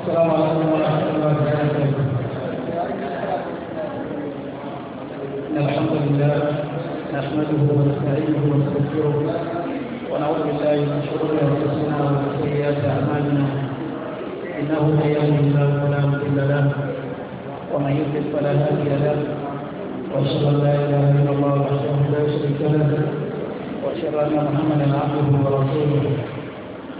السلام عليكم ورحمة الله وبركاته إن الحمد لله نحمده ونستعينه ونستغفره ونعوذ بالله من شرور انفسنا ومن سيئات اعمالنا انه من يهدي الله فلا مضل له ومن يضلل فلا هادي له واشهد ان لا اله الا الله وحده لا شريك له واشهد ان محمدا عبده ورسوله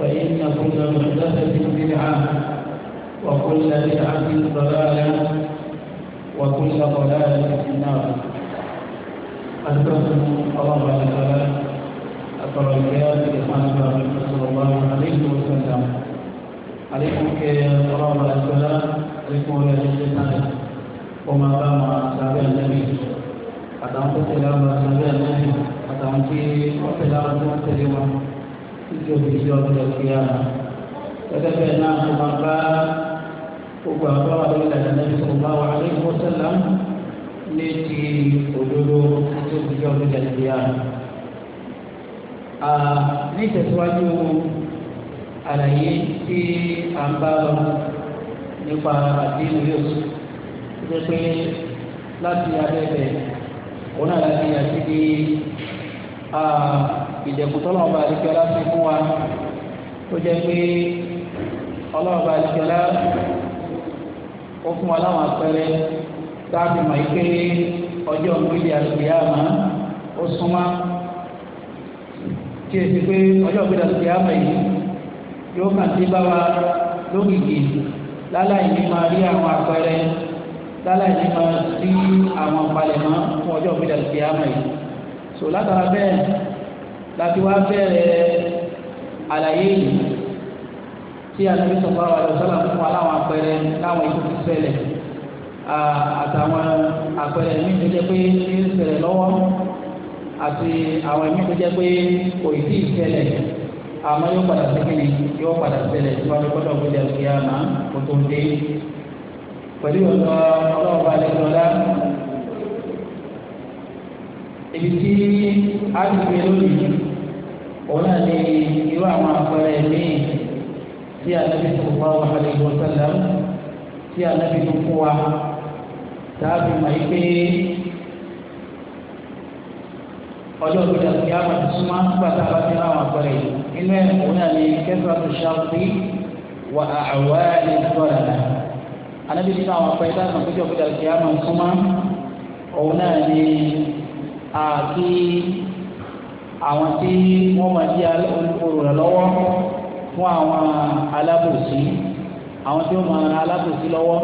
فإن كل محدثة بدعة وكل بدعة ضلالة وكل ضلالة في النار أذكركم الله على الصلاة أثر الجهاد الله صلى الله عليه وسلم عليكم الله على الصلاة عليكم يا الشيطان وما قام سابع النبي أتعطي سلام سابع النبي أتعطي وسلام سابع النبي títí òbí sí ọdún lọ́sí àná. Gẹ́gẹ́ bẹ́ẹ̀ náà mo máa bá gbogbo àwọn àwọn àdéhùn ìlànà náà sọ̀rọ̀ bá wà ní ìmọ̀sálà ní ti òdodo títí òbí sí ọdún lọ́sí àná. Ní ìtẹ̀síwájú àlàyé tí a ń bá lọ nípa àdéhùn yóò ṣe pé láti abẹ́bẹ̀ òun náà láti àti di ìjẹ̀kùtọ́ ọlọ́ọ̀bá àdìkọ́lá fi fún wa ó jẹ́ pé ọlọ́ọ̀bá àdìkọ́lá ó fún wa láwọn àpẹẹrẹ táàbì mọ̀ yìí pé ọjọ́ ìgbélé àlùkìyàmá ó súnmọ́ kí èsì pé ọjọ́ ìgbélé àlùkìyàmá yìí yóò kàn sí bá wa lógìkì láláì ní máa rí àwọn àpẹẹrẹ láláì ní máa rí àwọn palẹ̀mọ́ fún ọjọ́ ìgbélé àlùkìyàmá yìí so látara bẹ́ẹ̀ láti wá bẹ̀rẹ̀ àlàyé yìí tí àlùfẹ́ sọ̀rọ̀ àwọn àlùsọ́là fún wa láwọn àpẹẹrẹ láwọn ètò ti ṣẹlẹ̀ àtàwọn àpẹẹrẹ mi tó jẹ́ pé ń ṣẹlẹ̀ lọ́wọ́ àti àwọn ẹ̀mí tó jẹ́ pé kò ì tí ì ṣẹlẹ̀ àmọ́ yóò padà sẹ́kìnì yóò padà ṣẹlẹ̀ tí wọ́n fi gbọ́dọ̀ gbọ́dọ̀ ìyá àmà kó tó dé pẹ̀lú ọ̀dọ́ ọlọ́ọ̀bá àlejò ibi tí a ti gbé lónìí òun náà ní irú àwọn àpẹẹrẹ míì tí anabi sọ̀rọ̀ wà wà lẹ́yìn ọ̀sẹ̀lẹ̀ tí anabi tó fún wa tàbí mọ̀ yìí pé ọjọ́ ìgbéra ti a máa ti súnmọ́ nígbà bá ti rán àwọn àpẹẹrẹ yìí inú ẹ̀ òun náà ní kẹfà tó ṣáàpì wà àwọ̀ ẹ̀ ní náà anabi nínú àwọn àpẹẹrẹ tó jọ ìgbéra ti a máa súnmọ́ òun náà ní àti àwọn tí wọ́n máa di olùrànlọ́wọ́ fún àwọn alábòsí àwọn tí wọ́n máa ran alábòsí lọ́wọ́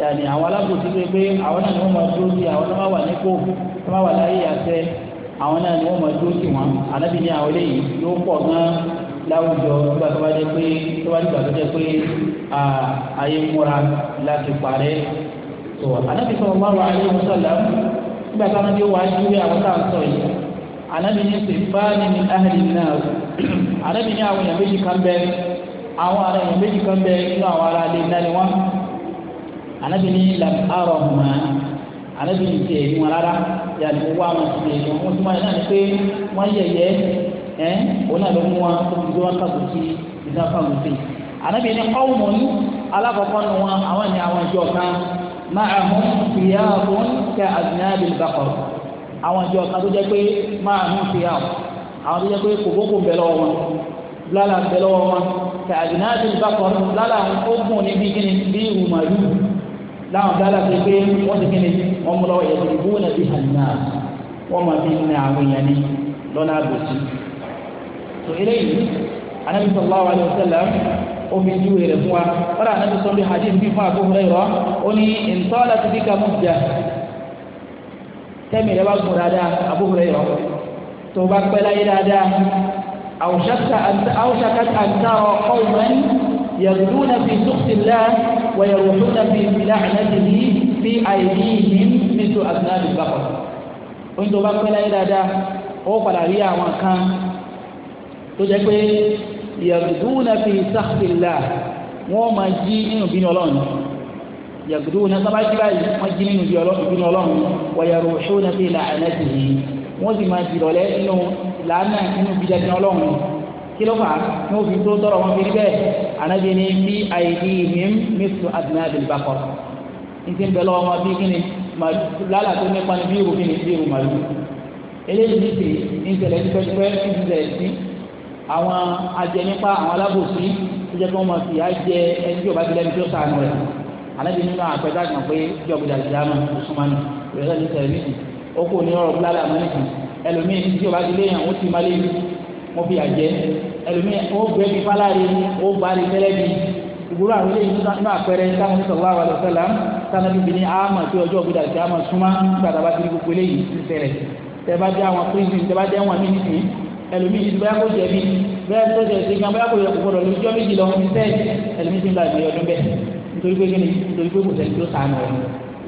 yàní àwọn alábòsí pé pé àwọn náà ni wọ́n máa dúró sí àwọn tó bá wà nípò tó bá wà láyé àṣẹ àwọn náà ni wọ́n máa dúró sí wọn ànábì ní àwọn eléyìí yóò pọ̀ gan láwùjọ nígbà tó bá jẹ́ pé tó bá nígbà tó jẹ́ pé ayé múra láti parẹ́ tó ànábì sallallahu alaihi wasallam nígbà táwọn ní wàá júwe àwọn tá à ń sọ yìí ànábì ní sèpáàní ní ahli náà ànábì ní àwọn èèyàn méjì kan bẹ àwọn ará èèyàn méjì kan bẹ nínú àwọn ará ilé náà ni wọn ànábì ní lam arọ mọ ànábì ní tiẹ̀ ní wọn rárá yàtí wọn wá wọn tiẹ̀ ní wọn tún wọn náà ni pé wọn yẹyẹ ẹ wọn náà ló mú wọn tó fi gbé wọn kàbùtì ìdáfàmùtì ànábì ní ọwọ́ mọ̀ ní alákọ̀ọ́kọ́ nu wọn àwọn ni àwọn ìjọ kan máa mú ìyá àbọ̀ ka azinabi bakọrọ àwọn ìjọ kan tó jẹ́ pé máa ń fi hàn àwọn tó jẹ́ pé kòbókò ń bẹ lọ́wọ́ wọn lálà ń bẹ lọ́wọ́ wọn ka azinabi bakọrọ lálà ó gùn ní bí kíni bí ìrùmàlú láwọn lálà tó pé wọ́n ti kíni wọ́n mú lọ́wọ́ yẹn ìbú nàbí àná wọ́n máa fi ń àwọn èèyàn ní lọ́nà àgbòsí. tó eléyìí anabi sallallahu alayhi wa sallam omi ju rẹ̀ fún wa wọ́n rà anabi sọ́ndé hadith bí fún Abu Hurairah ó ní ìntọ́lá ti bí ka mú jà tẹ́mi rẹ bá gùn dáadáa àbúrò rẹ yọ tó bá pẹ́ láyé dáadáa àwùsàkà àtàrọ ọ̀wọ́n yẹ̀dùn náà fi sùkùtìlá wẹ̀yẹ̀wòsùn náà fi ìlà ànádìrí fi àìní ìhìn nítorí àtúnáàdì gbàgbọ́. oyin tó bá pẹ́ láyé dáadáa ó padà rí àwọn kan tó jẹ́ pé yẹ̀dùn náà fi wọ́n máa jí nínú bínú ọlọ́run yàgùdúwòna sábà jí báyìí wọ́n jí nínú ibi ìbínú ọlọ́run wọ̀yàrò ṣóòna sí ilà ànẹ́sì yìí wọ́n sì máa dìrọ̀lẹ́ nínú làánà nínú bíjàdín ọlọ́run kí ló fà á ní òfin tó tọrọ wọn fi rí bẹ́ẹ̀ ànábi ní bí àìdí ìhìn mẹ́tò àdínábìlì bá kọ́ ní bẹ́ẹ̀ lọ́wọ́ wọn bí kíni lálà tó nípa ní bí irú kíni bí irú màlúù eléyìí ti ní ìṣẹ̀lẹ̀ ní pẹ́ẹ́pẹ́ ní ìṣẹ̀lẹ̀ sí àwọn ajẹnipa àwọn alábòsí tó jẹ́ kí wọ́n fi àjẹ ẹni tí ò bá ti lẹ́nu tó sànù rẹ̀ anabi nínú àpẹẹrẹ àgbọn pé jọ̀gbìn dàgbìyàmù ọ̀sùnmánì ìrẹsẹ̀ ní tẹ̀lé nìyí ó kò ní ọ̀rọ̀ búlálà mọ́nìkì ẹlòmíì tí o bá ti léyìn àwọn ti máa lé ibi mo fi àjẹ ẹlòmíì ó gbé bí fáláre ó bá rí tẹ́lẹ̀ bí ìgboro àwọn ilé yìí nínú àpẹẹrẹ táwọn ní sọ̀rọ̀ àwọn àlọ́sẹ̀lá táwọn bíbí ní àmọ̀ tí ọjọ́ òbí dàgbà àmọ̀ súnmọ́ nígbà tá a bá ti rí gbogbo eléyìí ti ṣẹlẹ̀ tẹ́ bá dé àwọn prison tẹ́ bá dé àwọn mínísì ẹlòmíì yìí bóyá kó jẹ̀bi bóyá tó jẹ̀ sí gan bóyá kó yẹ kó gbọdọ̀ lójọ́ méjì lọ́wọ́ ní sẹ́ẹ̀ ẹlòmíì ti ń gbàgbé nítorí pé kíni nítorí pé kò sẹ́ni tó sànù ẹ̀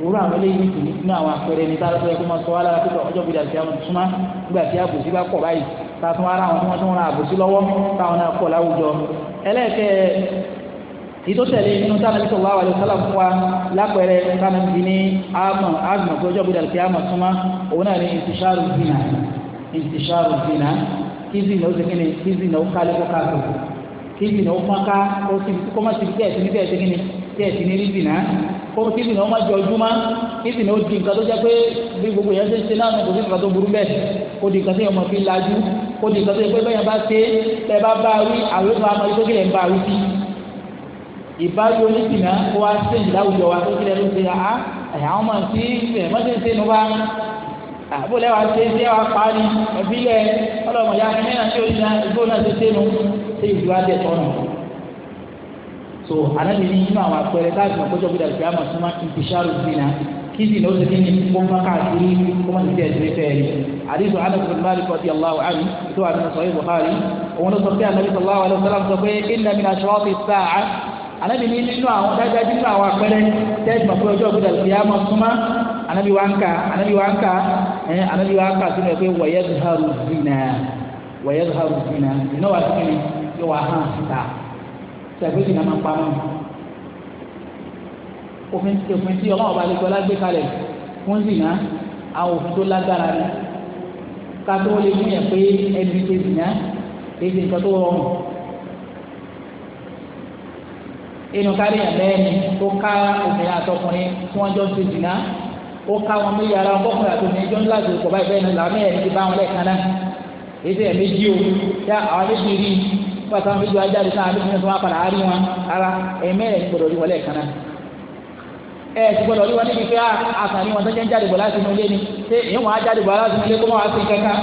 wúrọ̀ àwọn eléyìí kì í nínú àwọn àpẹẹrẹ ní tá a lọ́sọ̀rọ̀ kó máa sọ wá lára pípọ̀ ọjọ́ gbèdà sí àwọn ìtumá nígbà tí àbòsí bá pọ̀ báyìí tá a tún ara àwọn tí wọ́n tún ra àbòsí lọ́wọ́ táwọn náà pọ̀ láwùjọ ẹlẹ́ẹ̀kẹ́ ìtòtẹ̀lé nínú tánàbí sọ̀rọ̀ àwọn àlùsálà fún wa lápẹẹrẹ tánàbí ní àmọ̀ àmọ̀ pé ọjọ́ gbèdà sí àmọ̀ túnmá òun náà ní ìtìṣàrù zina ìtìṣàrù zina kí zina tí ẹ̀ ti ní rí bìnà kó kí bìnà ó má jẹ ojúmọ́ kí ó di nǹkan tó jẹ́ pé bí gbogbo yẹn ṣe ń ṣe náà kò sí nǹkan tó burú bẹ́ẹ̀ kó di nǹkan tó yẹ mọ̀ fi lajú kó di nǹkan tó yẹ pé bẹ́ẹ̀ bá ṣe tẹ́ bá bá wí àwọn èèyàn máa tó kílẹ̀ ń bá wí sí. ìbáwí oníbìnà kó wá sí ìdáwùjọ wa tó kílẹ̀ ló ṣe àá àwọn ọmọ tí ẹ̀ mọ́ àbúlẹ̀ wa ṣe ṣe so alábìrin nínú àwọn àpẹẹrẹ táàbì náà kọjọ gbọdọ ìgbà máa súnmọ́ ìfisáàrò zina kí zina ó ti kí ni kó má káàkiri kó má ti tẹ̀ ẹ̀sìn fẹ́ẹ́ rí àdéhùn alábìrin máa rí kọ́tí aláwọ̀ àmì tó wà nínú sọ̀rọ̀ Bukhari òun ló sọ pé alábìrin sallallahu alaihi wasallam sọ pé inna min ashrati sa'a alábìrin nínú àwọn dájájú nínú àwọn àpẹẹrẹ tẹ́ẹ̀sì máa kọjọ gbọdọ ìgbà máa súnmọ́ anabi wa nka anabi wa nka ɛɛ anabi wa nka sinu ɛfɛ wayɛ zaharu zina wayɛ zaharu zina ina wa sinu yɛ wa hàn ta sẹ̀gbẹ́sì náà máa pamọ́ òfin òfin tí ọlọ́wọ́ bá lè gbọ́lá gbé kalẹ̀ fún zìnà àwọn òfin tó lágbára ni ká tó lè mú yẹn pé ẹni ṣe zìnà èyí ṣe nǹkan tó rọrùn inú kárí àbẹ́ẹ̀ni tó ká obìnrin àtọkùnrin tí wọ́n jọ ń ṣe zìnà ó ká wọn méjì ara wọn bọ́kùnrin àtọkùnrin jọ ń láti kọ̀ báyìí bẹ́ẹ̀ ni ti bá wọn lẹ́ẹ̀kan náà èyí ẹ̀ méjì o yá àwọn méjì rí i nígbà táwọn méjì wá jáde sáà lóṣù tó wá padà á rí wọn ara ẹ̀mẹ́rẹ̀ ní gbọdọ̀ rí wọlé ẹ̀kan náà ẹ ti gbọdọ̀ rí wọn níbi pé àkàn ah, ní wọn tó jẹ́ ń jáde bọ̀ láti inú ilé ni ṣé èyí wọn á jáde bọ̀ láti inú ilé kó má wá sí kankan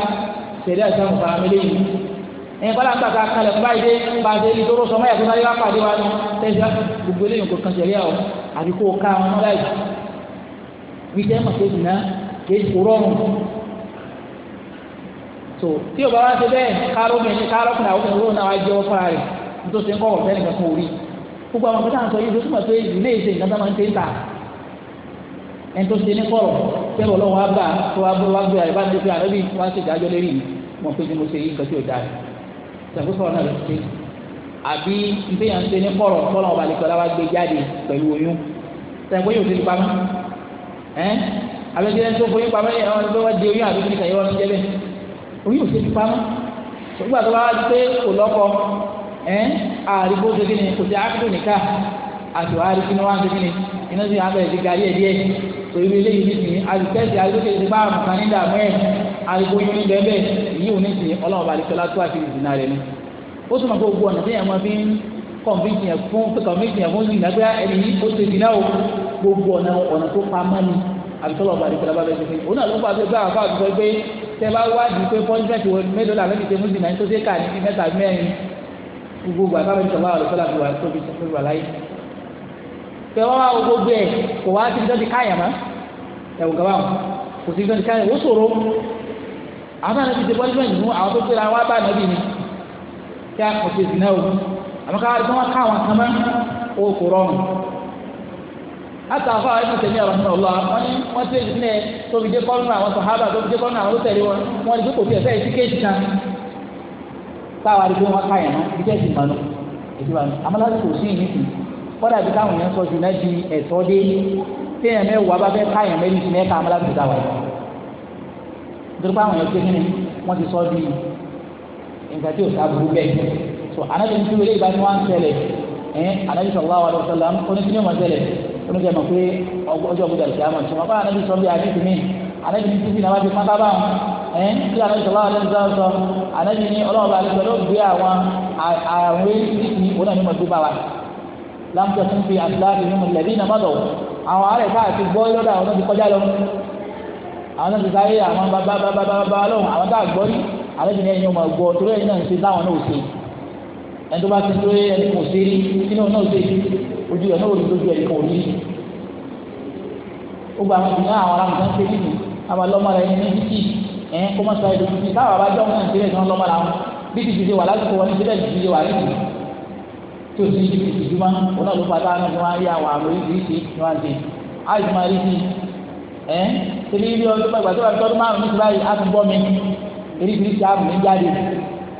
ṣèlè ẹ̀sán kò fara mélé yìí ẹ̀yin kọ́lá ń gbàgbà kalẹ̀ fún báyìí dé bàtẹ́ ibi tó rọ́ṣọ mọ́yà tó sáré wá pàdé wa nù tẹ́sán gbogbo eléyìí kò kàn ṣẹ̀rí àwọn àbí kó o ká wọn láì wíjẹ́ mọ̀ pé ìná kéèkó rọrùn so tí o bá wá ṣe bẹ́ẹ̀ kárọ́ mi ní kárọ́ kùnà àwọn òwúrò náà wá jẹ́ wọ́n fúnra rẹ̀ nítorí ṣe ń kọ́kọ́ fẹ́ẹ́ nìkan fún orí gbogbo àwọn nǹkan sọ yìí ló túmọ̀ pé ìdílé ìṣe nǹkan tó máa ń ṣe ń ta ẹni tó ṣe ní kọ̀rọ̀ pé ọlọ́run wá bá tó wá bó wá gbé àyè bá ti fi àrẹ́bí wá ṣe ìdájọ́ lérí mọ̀ pé tí mo ṣe yìí nǹkan tí ò dáa ṣàkóso ọ̀nà rẹ̀ ṣe àbí ìgbéyàn ṣe ní kọ̀rọ̀ tọ́lọ̀ ọba àlekọ̀ láwa gbé jáde pẹ̀lú oyún ṣàgbé yóò ṣe pamọ́ ẹ́ àbẹ̀tí ẹni tó foyín pamọ́ ẹ̀ ọ́n ló wá di oyún àbí kíkà yóò wá ń jẹ́ bẹ́ẹ̀ orí òsè ti pamọ́ sọgbà tó bá wá di pé kò lọ́kọ ẹ àrígbó ṣe kí ni kò sí ákúrò nìka àti wàá rí kíni wá ń ṣe kí ni iná sì abẹ́rẹ́ ti ga díẹ̀ díẹ̀ tó irú eléyìí ní sìn àlùtẹ́sì àlùtẹ́sì ti bá àrùn kan ní dààmú ẹ̀ àrígbó yín ní bẹ́ẹ̀ èyí ò ní sìn ọlọ́run bá àlùtẹ́lá tó àti ìdìnnà rẹ̀ ni ó tún mọ̀ pé gbogbo ọ̀nà tí èèyàn máa fi ń kọ̀m̀pìtì yẹn fún kọ̀m̀pìtì yẹn fún ìgbà pé ah, ẹni yìí ó ṣe ìdìnnà o gbogbo ọ̀nà ọ̀nà tó pamọ́ ni àbíkọ́lọ́ tẹ bá wádìí pé pọ́ńtẹ́tì wọn mélòó làwọn ti ṣe mú zina tó ṣe kà ní mẹ́ta mẹ́rin gbogbo àtàwọn ìṣọ̀lá ọ̀rọ̀ sọ́lá fi wà tóbi tóbi wà láyé tẹ wọ́n wá gbogbo ẹ̀ kò wá síbi tó ti káyà má ẹ̀wù gàbá wọn kò síbi tó ti káyà ó ṣòro àwọn náà ti ṣe pọ́ńtẹ́tì mú àwọn tó ṣe ra wá bá nàbì ni kí a kò ṣe zina o àmọ́ káwọn káwọn kan mọ́ ó kò rọrùn àtàwọn àwọn ẹni tẹ̀lé ọ̀rọ̀ náà lọ wọ́n ní wọ́n ti ní tó fi dé kọ́nù àwọn sàhábà tó fi dé kọ́nù àwọn tó tẹ̀lé wọn wọ́n ní kókò fi ẹ̀fẹ́ yìí sí kéèjì kan táwa rí pé wọ́n ká yẹn náà ibi tẹ́sí ìmọ̀lú ìdíwà ní amálásí kò sí ìyìn sìn kọ́dà bí táwọn yẹn sọ jù náà di ẹ̀tọ́ dé téèyàn mẹ́wàá bá fẹ́ ká yẹn mẹ́rin sí mẹ́ka amálásí táwa yẹn nítorí so anábìyẹn tí wọlé ìbá ni wọ́n ń tẹ̀lé ẹ̀ anábìyẹn sọ̀rọ̀ wà lọ́sọ̀lá oníkẹ́ mọ̀ pé ọjọ́ gbọdọ̀ ìṣẹ́ àmọ̀ ìṣẹ́ bàbá anábì sọ bí anábì mi anábì ní títí náà wá fi pátá bá wọn ẹ̀ kí anábì sọ báwọn anábì sọ sọ anábì ní ọlọ́run bá alẹ́ sọ gbé àwọn àwẹ̀ títí òun náà ní mọ̀ tó bá wa lámùtọ́ tún fi àtìláàfin nínú ilẹ̀ bí nàmọ́dọ̀ àwọn ará ìta àti gbọ́ yọ̀dọ̀ àwọn náà ti kọjá lọ àwọn náà ti sáré àwọn bàbá bàbá bàbá lọ́hùn àwọn ẹni tó bá ti tó ẹni kò sí rí nínú náà ṣe ojú ẹ̀ náà ò ní lójú ẹ̀ kò rí ó gba àwọn ìyá àwọn aráàlú kan ṣe nínú àwọn lọ́mọdé ẹni ní títì ẹ̀ kó má sọ ẹ̀dọ̀ títì táwọn bá jọ́ wọn sílẹ̀ náà lọ́mọdé àwọn bí ti ti ṣe wà lásìkò wọn ní sílẹ̀ ti ṣe wà lẹ́yìn tí o ti ti ti juma wọn náà ló fa táwọn ẹni wọn á rí àwọn àrò oríṣiríṣi ni wọn ti àìsí máa rí sí ẹ tẹlifíọ̀n tó bá ìgbà tó bá tọ́dún márùn-ún ní ti báyìí á tún bọ́ mi oríṣiríṣi ààbò ní jáde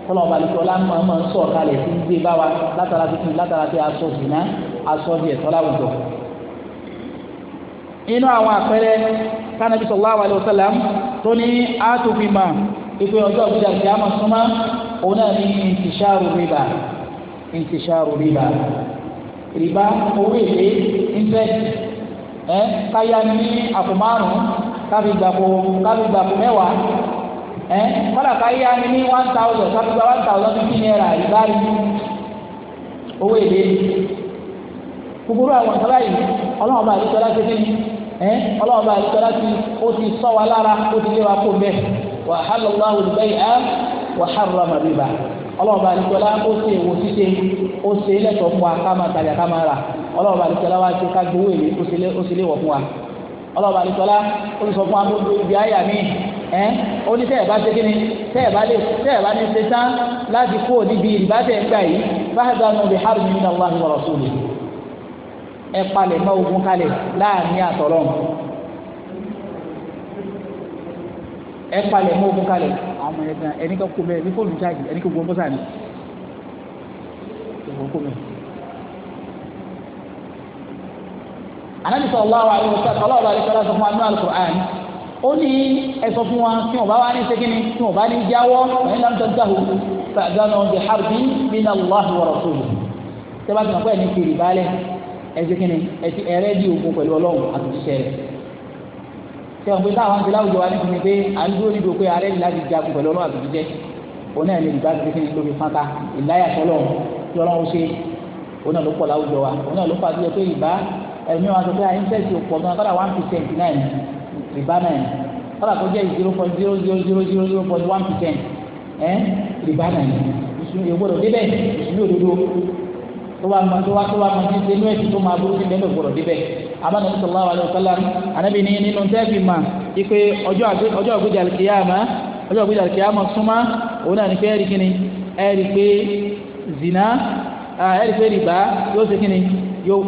kọ́lọ̀ ọba àlùkò ọlá máa máa ń sọ̀ kalẹ̀ tí ń gbé bá wa látara ti fún látara ti aṣọ ìdìná aṣọ di ẹ̀tọ́ láwùjọ. inú àwọn àpẹẹrẹ kánàbí sallallahu alaihi wasallam tó ní àtòfìmọ̀ ìpè ọjọ́ ìgbìjà ìjà àmọ̀ súnmọ́ òun náà ní intisharu riba intisharu riba riba owó èlé interest ẹ káyà ní àpò márùn-ún káfígbàpò káfígbàpò mẹ́wàá ẹ ka káyá ni ní one thousand kápẹ́tà one thousand fifty naira ìbárí owó èlé kúkúrú àwọn ìtọ́lá yìí ọlọ́run bá àdúgbò láti dé ẹ ọlọ́run bá àdúgbò láti ó ti sọ wa lára ó ti lé wa kó wa halallahu al-bay'a wa harrama riba ọlọ́ọ̀bà àdìsọ́lá ó ṣe èwo ṣíṣe ó ṣe lẹ́tọ̀ọ́ fún wa ká máa ká wa ó sọ fún wa ẹ ó ní tẹ́ẹ̀ bá ṣe kíni tẹ́ẹ̀ bá lè tẹ́ẹ̀ bá ní ṣe tán láti kó níbi ìrìbá tẹ̀ ń gbà yìí báyìí nù bí hàrùn nínú àwọn àwọn ọ̀rọ̀ ẹ palẹ̀ mọ́ ogun kalẹ̀ láàrin àtọ̀rọ̀ ẹ palẹ̀ mọ́ ogun kalẹ̀ àwọn ọmọ yẹn kan ẹni kan kó bẹ́ẹ̀ ní fóònù jáde ẹni kan gbọ́n bọ́sà ni ìwọ kó bẹ́ẹ̀. anabi sallallahu alaihi wasallam ọlọ́ọ̀bà àdìsọ́lá sọ fún anú ó ní ẹsọ fún wa tí wọn bá wá ní sẹkínì tí wọn bá ní jáwọ́ ẹni náà tó dáhù fàdánù ọdẹ harbi min Allah wa rasuluhu tẹ́ bá ti mọ̀ pé ẹni kiri balẹ̀ ẹsẹ kínní ẹsẹ ẹrẹ di òkun pẹ̀lú Ọlọ́run àtúnṣe rẹ̀ tẹ́ wọn pé táwọn ti láwùjọ wa nítorí pé à ń dúró níbi òkú ààrẹ yìí láti jagun pẹ̀lú Ọlọ́run àtúnṣe òun náà ní ìgbà tó kínní lórí fanta ìláyà tọ́lọ̀ tí Ọlọ́run ṣe rìbá náà ni kọ́lá tó jẹ́ zero point zero zero zero zero zero point one percent ẹ́ rìbá náà ni mùsùlùmí yóò gbọ́dọ̀ débẹ̀ mùsùlùmí òdodo tó bá ma tó bá tó bá ma ti ṣe inú ẹ̀sìn tó máa burú sí bẹ́ẹ̀ gbọ́dọ̀ débẹ̀ amadu sallallahu alayhi wa sallam anabi ni nínú tẹ́ẹ̀fì ma ipe ọjọ́ àgbéjà alikiyama ọjọ́ àgbéjà alikiyama súnmá òun náà ni pé ẹ̀rí kíni ẹ̀rí pé zina ẹ̀rí pé rìbá yóò ṣe kíni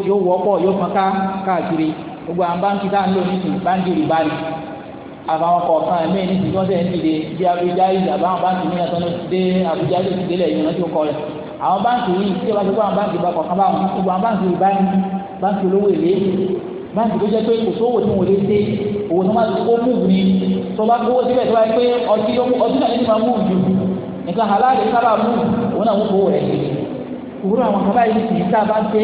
yóò wọ́pọ̀ yóò fọ́n ká káàkiri gbogbo àwọn báńkì tá à ń lò ní ìsìn báńkì rìbá ni àbáwọn kọ̀ọ̀kan ẹ̀mí ní ìsìn tí wọ́n sẹ̀ ń dìde bí Abuja yìí àbáwọn báńkì ní ìyàtọ̀ dé Abuja yìí ti délẹ̀ yìí wọ́n ti kọ́ rẹ̀ àwọn báńkì yìí tí wọ́n ti kọ́ àwọn báńkì bá kọ̀ọ̀kan báwọn gbogbo àwọn báńkì rìbá ni báńkì olówó èlé báńkì tó jẹ́ pé kò sówó tí wọ́n lè ṣe òwò tó máa kó múùbù ni tó bá gbówó síbẹ̀ tó bá yẹ pé ọtí náà ní ti máa múùbù ju nǹkan aláàdé òwúrò àwọn kan báyìí sì ń sábà ṣe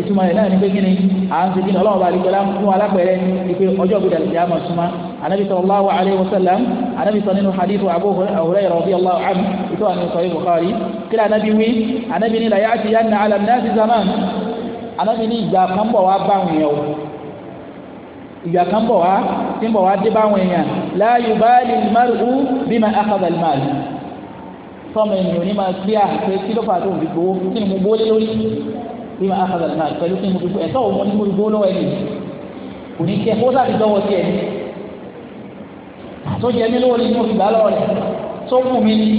ìtumọ̀ rẹ̀ náà ní pé kíni à ń segin ọlọ́run bá àdìgbọ́lá fún alápẹ̀rẹ̀ ní pé ọjọ́ ògbé dàlùkì àmọ̀ súnmọ́ anabi sallallahu alayhi wa sallam anabi sọ nínú hadithu abu hurairah radiyallahu anhu ito anu sahih bukhari kila anabi wi anabi ni la yaati yanna ala nasi zaman anabi ni ìgbà kan bọ̀ wá bá wọn yẹn o ìgbà kan bọ̀ wá tí ń bọ̀ wá dé bá wọn yẹn la yubali al-mar'u bima akhadha al-mal tọ́mọ ènìyàn ní máa gbé àpè kí ló fà tó ń fi gbowó kí ni mo gbowó lé lórí bí máa kàdà náà pẹ̀lú kí ni mo fi gbowó ẹ̀tọ́ òun mo ní mo fi gbowó lọ́wọ́ ẹni kò ní kí ẹ kó sáà ti dọ́wọ́ tiẹ̀ ni tó jẹ mí lówó ni mo fi gbà lọ́wọ́ rẹ̀ tó kù mi ni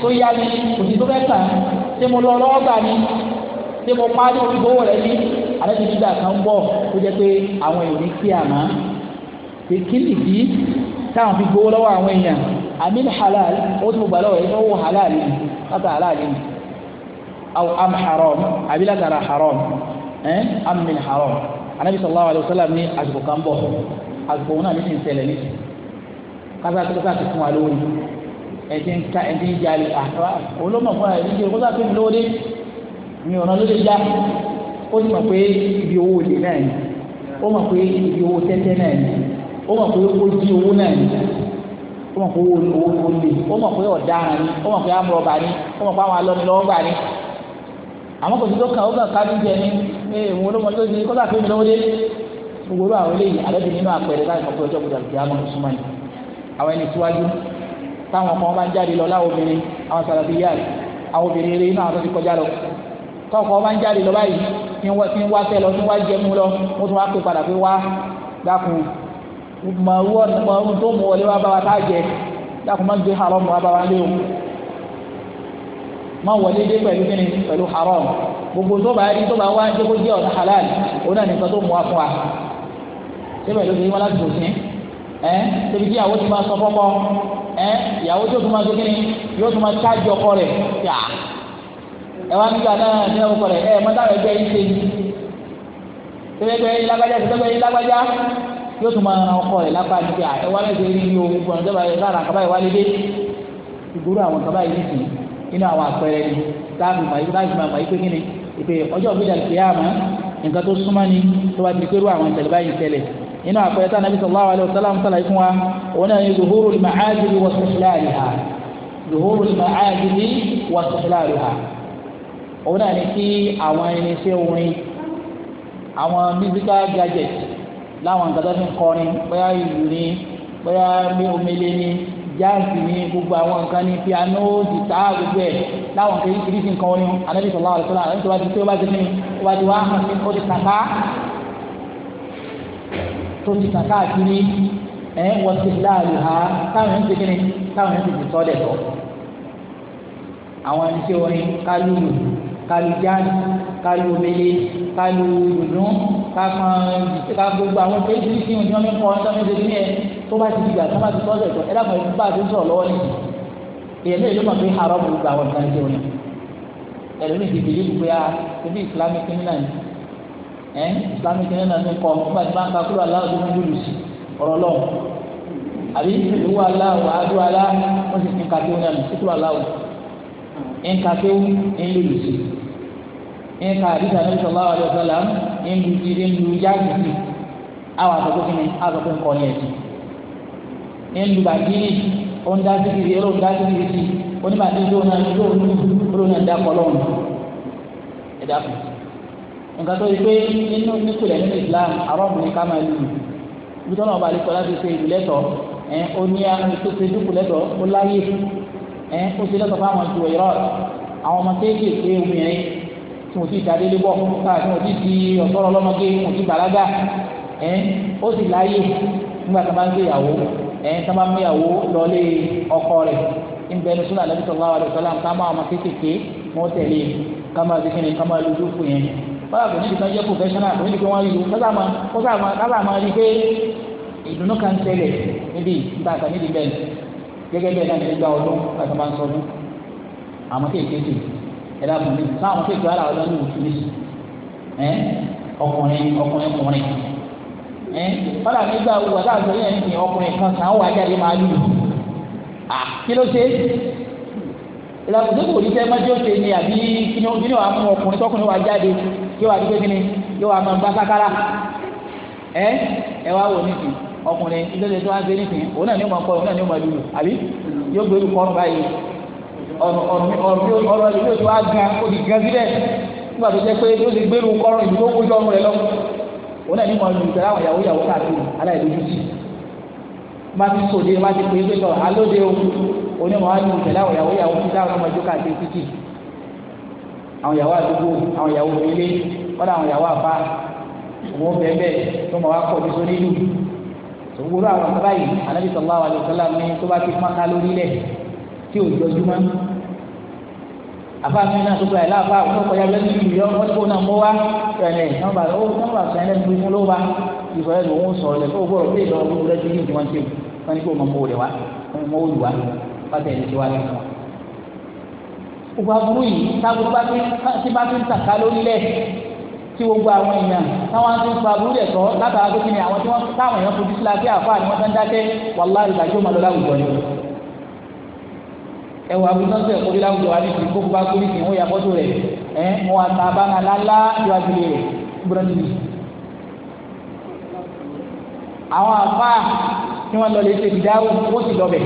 tó yá mi kò sí tó fẹ́ kà ṣé mo lọ lọ́wọ́ gbà mi ṣé mo pa ní mo gbowó rẹ̀ ní alẹ́ ti dídà kan bọ̀ tó jẹ pé àwọn èèyàn kí àmọ́ pé kí nìdí àmìn halal ó ti mo gbà lọ́wọ́ ẹni owó halal ni láta halal ni aw am haram àbí látara haram ẹ am min haram anabi sallallahu alayhi wa sallam ní àsìkò kan bọ̀ àsìkò náà ní ti ń ṣẹlẹ̀ ní kásá kásá ti fún wa lórí ẹtí ń ká ẹtí ń jalè àtàwà olómọ fún ẹ níbi kó sáfì lóde mi ò ràn lóde já ó sì mọ̀ pé ibi owó olè náà ni ó mọ̀ pé ibi owó tẹ́tẹ́ náà ni ó mọ̀ pé ó jí owó náà ni ó mọ̀ pé owó owó lè ó mọ̀ pé ọ̀daràn ni ó mọ̀ pé amúrọ̀bà ni ó mọ̀ pé àwọn alọ́nilọ́wọ́gbà ni àmọ́ kò sí tó kàn ó kàn kájú jẹ ní ní ìwọ̀n olómọdé ló ti kọ́ bá fi mi lọ́wọ́dé gbogbo àwọn eléyìí àlọ́dẹ nínú àpẹẹrẹ láti mọ̀ pé ọjọ́ gbọdọ̀ ti àmọ́ ìsúnmọ́ ni àwọn ẹni síwájú táwọn kan bá ń jáde lọ láwọn obìnrin àwọn sàlàbíyà àwọn obìnrin eré inú àwọn tó ti kọjá lọ tọkọ bá ń jáde lọ báyìí tí ń wá fẹ́ mọ owó ọ̀nà mọ ohun tó mú wọlé wá bá wa ká jẹ dákun má gbé haram wá bá wa lé o má wọlé dé pẹ̀lú kíni pẹ̀lú haram gbogbo tó bá rí tó bá wá jókòó jẹ́ ọ̀nà halal òun náà nìkan tó mú wa fún wa síbẹ̀ ló ti wọn láti tòsí ẹ tẹbi tí ìyàwó ti máa sọ fọ́kọ ẹ ìyàwó tó tún máa gbé kíni yóò tún máa ṣáàjì ọkọ rẹ̀ yà ẹ wá nígbà náà ní ọkọ rẹ̀ ẹ mọ́tà rẹ̀ gbẹ́ yín ṣe yín tẹ́lẹ̀ gbẹ́ lágbájá yóò tún máa ran ọkọ rẹ̀ lápá àti pé ẹ wá lẹ́sẹ̀ rí ní ohun gbọ́n ìjọba yẹn lára kaba ìwálé dé ìgboro àwọn kaba yìí nìsín nínú àwọn àpẹẹrẹ ni láàbù màyí láàbù màyí pé kíni ìpè ọjọ́ ìgbéjà ti yá àmọ́ nǹkan tó súnmọ́ ni tó bá ti pérú àwọn ìṣẹ̀lẹ̀ báyìí ṣẹlẹ̀ nínú àpẹẹrẹ tá nàbí sallallahu alaihi wasallam sàlàyé fún wa òun náà ni zuhuru al-ma'ajib wa istihlaliha zuhuru al-ma'ajib wa istihlaliha òun náà ni kí àwọn irinṣẹ́ orin àwọn musical gadgets láwọn nǹkan tó fi ń kọrin bóyá ìlú ni bóyá mi omele ni jáàsì ni gbogbo àwọn nǹkan ni piano jìtá gbogbo ẹ̀ láwọn nǹkan oríṣiríṣi nǹkan orin anabi sọlá àlùfọlá àti tó bá ti tó bá ti kíni tó bá ti wá hàn sí ó ti kàkà tó ti kàkà kiri ẹ wọ́n ti láàlú ha táwọn ń ti ni. táwọn ń ti ti sọ́ọ̀dẹ̀ lọ àwọn ẹni tí orin kálùlù kálu jáde kálu omele kálu dùnú ká gbogbo àwọn tó ti fi ìwọ̀n tí wọ́n fi kọ́ ọ́n tó fi yẹ tó bá ti di gbà tó bá ti tọ́ ọ̀sẹ̀ tó ẹ dàpọ̀ ẹni bá a ti sọ̀rọ̀ lọ́wọ́ ni èyàn lè lọ́mọ pé àrọ́ bò gba àwọn ìtàn ìjẹun ẹlòmíì ti bìlí gbogbo ya ebi islamic kìnnìkan ẹ islamic kìnnìkan ní kọ́ nígbà tí wọ́n ká kúrò aláwọ̀ tó ń lùlù sí ọ̀rọ̀ lọ́wọ́ àbí ìlú aláwọ̀ adó nka kéwù ńlùlù sí nka àdìsá nàbí sọlá wà lọ sọlá ńlùjì ńlù jágìsì àwọn àtọkọ kìíní àtọkọ ńkọ ní ẹsìn ńlù bàdínì ondásíkiri ẹrọ ondásíkiri sí oníbàdínì tó náà ló ń lò ó náà dákọ lọ́wọ́ ẹ̀dá kù nǹkan tó yẹ pé nínú nípìnlẹ̀ nínú Islam arọ́bù ní ká máa lù ibi tó náà bá lè sọ láti ṣe ìlú lẹ́tọ̀ọ́ ẹ̀ ó ní àwọn ètò ìṣèjú kù lẹ́tọ̀ọ́ ó láyé ẹ ó ṣe lọ́tọ̀ fáwọn ìjọ ìrọ̀ àwọn ọmọ kéékèèké obìnrin tí wọ́n ti dàdélé bọ̀ káàkiri wọ́n ti di ọ̀sọ́rọ̀ ọlọ́mọge wọ́n ti bàlágà ẹ ó sì láàyè nígbà tó bá ń gbéyàwó ẹ tó bá ń gbéyàwó lọlé ọkọ rẹ̀ nbẹnu sọlá alẹ́ sọlá wa sọlá nǹkan máa ọmọ kéékèèké wọ́n tẹ̀lé e. kama zikiri kama lójú fún yẹn báwa kò ní ti kan jẹ́ professional kò ní ti kan wọ́n yìí kó sábà máa rí pé ìdùnnú kan tẹ̀lé níbi ìgbà kan bẹ́ẹ̀ gẹ́gẹ́ bẹ́ẹ̀ náà ti gba ọdún láti máa ń sọdún àwọn kéékèèké ẹ dábò ní sá àwọn kéékèèké ara ọdún ní òfin níṣì ẹ ọkùnrin ọkùnrin ọkùnrin ẹ fọlá nígbà wo àti àgbẹ̀ yẹn ní ọkùnrin kan sàn wà jáde máa lù à kí ló ṣe ìlànà tó kò ní sẹ́ májé ó ṣe ni àbí kí ni wàá mú ọkùnrin tọkùnrin wàá jáde kí wàá dúpẹ́ kí ni yóò wàá máa bá sákárà ẹ ẹ wá wò níbi ọkùnrin ìdọ́jẹ́ tó wá gbé nísìnyí òun náà ni ó máa kọ òun náà ni ó máa lulu àbí yóò gbé olùkọ́ ọ̀run báyìí ọ̀run ọ̀run ọ̀run ìlú tó wá gan ó di gan sílẹ̀ nígbà tó jẹ́ pé ó ti gbé olùkọ́ ọ̀run ìlú tó kójú ọ̀run rẹ lọ òun náà ni máa lulu tẹ̀lé àwọn ìyàwó ìyàwó káàkiri aláìlójútì má ti sòde má ti pè é pé sọ̀rọ̀ alóde o onímọ̀ á lulu tẹ̀lé àwọn ìyàwó ìyàwó títí àwọn ọmọ ìjọ káàkiri títì àwọn ìyàwó àdúgbò àwọn ìyàwó ilé wọn àwọn ìyàwó àbá òun bẹ́ẹ̀ bẹ́ẹ̀ tó mọ̀ wá kọ̀ ní sónílù sòwúrò àwọn ọmọ báyìí anabi sallallahu alayhi wa sallam ní tó bá ti pọn ká lórí lẹ tí ò jọjúmọ́ àfáàmì náà tó gba ẹ̀ láàfáà wọn kọjá lẹ́nu ìlú yọ wọn tó náà mọ́ wá ẹ̀rẹ̀ nọ́mbà ó nọ́mbà sẹ́yìn lẹ́nu fún ló wá ìfọ̀rẹ́ ló ń sọ̀rọ̀ lẹ́nu ó gbọ́dọ̀ pé ìlọ́wọ́ ló lẹ́nu ní ìdíwọ̀n tí wọ́n ní kó mọ̀ mọ́ rẹ̀ wá mọ́ òlù wá pátá ẹ̀ tí gbogbo àwọn èèyàn táwọn ti ń fa burúkú ẹ̀tọ́ látara pé kí ni àwọn tí wọ́n táwọn èèyàn fojú sílá sí àfáà ni wọ́n tán dákẹ́ wàláhì ìdájọ́ máa lọ láwùjọ ni. ẹ wọ abúlé sọ́sẹ̀ kó bí láwùjọ wa ní ti kó bá kó ní ti wọ́n ya fọ́tò rẹ̀ ẹ̀ wọ́n wá ta báńgá lálá ìwájú rẹ̀ gbọ́dọ̀ níbi. àwọn àfáà tí wọ́n lọ lè ṣe ìdáwó ó sì lọ bẹ̀